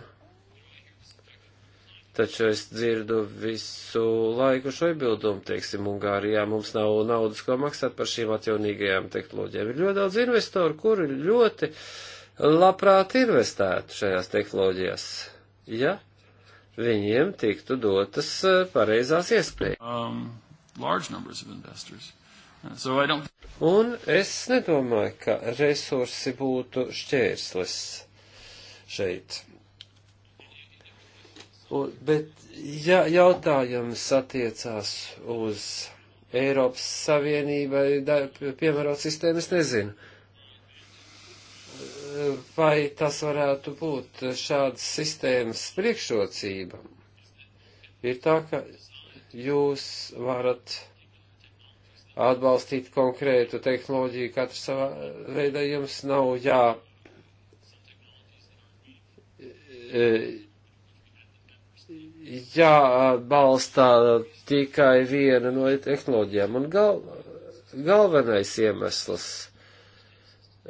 Taču es dzirdu visu laiku šo iebildumu, teiksim, Ungārijā mums nav naudas, ko maksāt par šīm atjaunīgajām tehnoloģijām. Ir ļoti daudz investoru, kuri ļoti labprāt investētu šajās tehnoloģijās. Ja? viņiem tiktu dotas eh, pareizās iespējas. Um, uh, so Un es nedomāju, ka resursi būtu šķērslis šeit. Un, bet, ja jautājums attiecās uz Eiropas Savienībai, piemērot sistēmu, es nezinu vai tas varētu būt šādas sistēmas priekšrocība, ir tā, ka jūs varat atbalstīt konkrētu tehnoloģiju, katra savā veidā jums nav jā. E, jā, balstā tikai viena no tehnoloģijām. Un gal, galvenais iemesls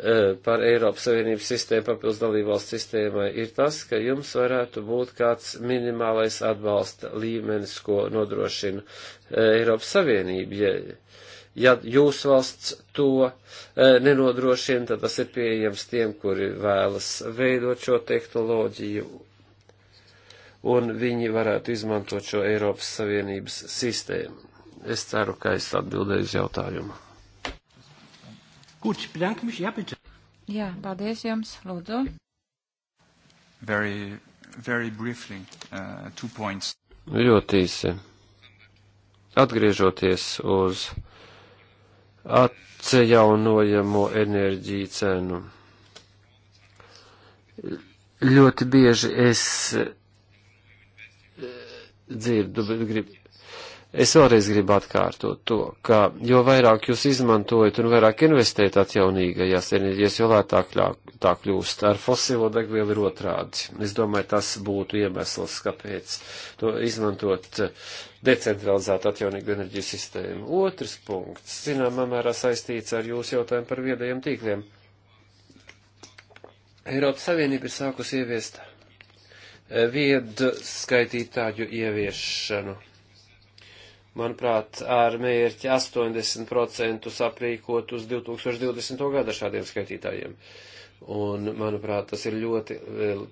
E, par Eiropas Savienības sistēmu papildus dalībvalsts sistēmai ir tas, ka jums varētu būt kāds minimālais atbalsta līmenis, ko nodrošina e, Eiropas Savienība. Ja, ja jūsu valsts to e, nenodrošina, tad tas ir pieejams tiem, kuri vēlas veidot šo tehnoloģiju, un viņi varētu izmantot šo Eiropas Savienības sistēmu. Es ceru, ka es atbildēju uz jautājumu. Gut, ich bedanke mich. Ja, bitte. Jā, paldies jums, lūdzu. Very, very briefly, uh, two points. Ļoti īsi. Atgriežoties uz atjaunojamo enerģiju cenu. Ļoti bieži es eh, dzirdu, bet gribu Es vēlreiz gribu atkārtot to, ka jo vairāk jūs izmantojat un vairāk investējat atjaunīgajās enerģijas, jo lētāk tā kļūst. Ar fosilo degvielu ir otrādi. Es domāju, tas būtu iemesls, kāpēc to izmantot eh, decentralizētu atjaunīgu enerģijas sistēmu. Otrs punkts, zināmā mērā saistīts ar jūsu jautājumu par viedajiem tīkliem. Eiropas Savienība ir sākusi ieviest eh, viedskaitītāju ieviešanu manuprāt, ar mērķi 80% aprīkot uz 2020. gada šādiem skaitītājiem. Un, manuprāt, tas ir ļoti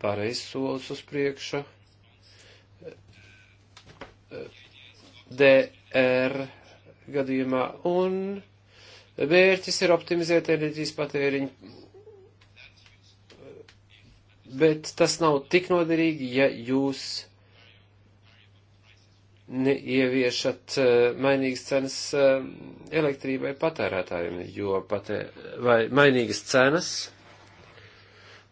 pareizs solis uz priekšu. DR gadījumā un mērķis ir optimizēt enerģijas patēriņu, bet tas nav tik noderīgi, ja jūs neieviešat eh, mainīgas cenas eh, elektrībai patērētājiem, jo patē, vai mainīgas cenas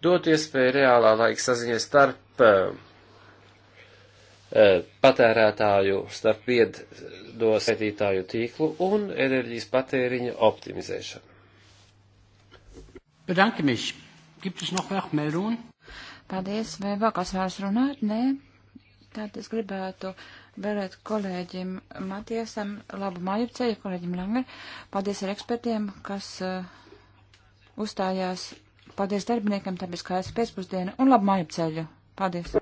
dot iespēju reālā laika saziņai starp eh, patērētāju, starp piedo sētītāju tīklu un enerģijas patēriņa optimizēšanu. Bedanke mich. Gibt es noch Meldungen? Paldies, vai vēl kāds vēlas runāt? Nē. Tad es gribētu uh, vēlēt kolēģim Matiesam labu māju ceļu, kolēģim Langer. Paldies ar ekspertiem, kas uh, uzstājās. Paldies darbiniekam, tāpēc kā es pēcpusdienu un labu māju ceļu. Paldies!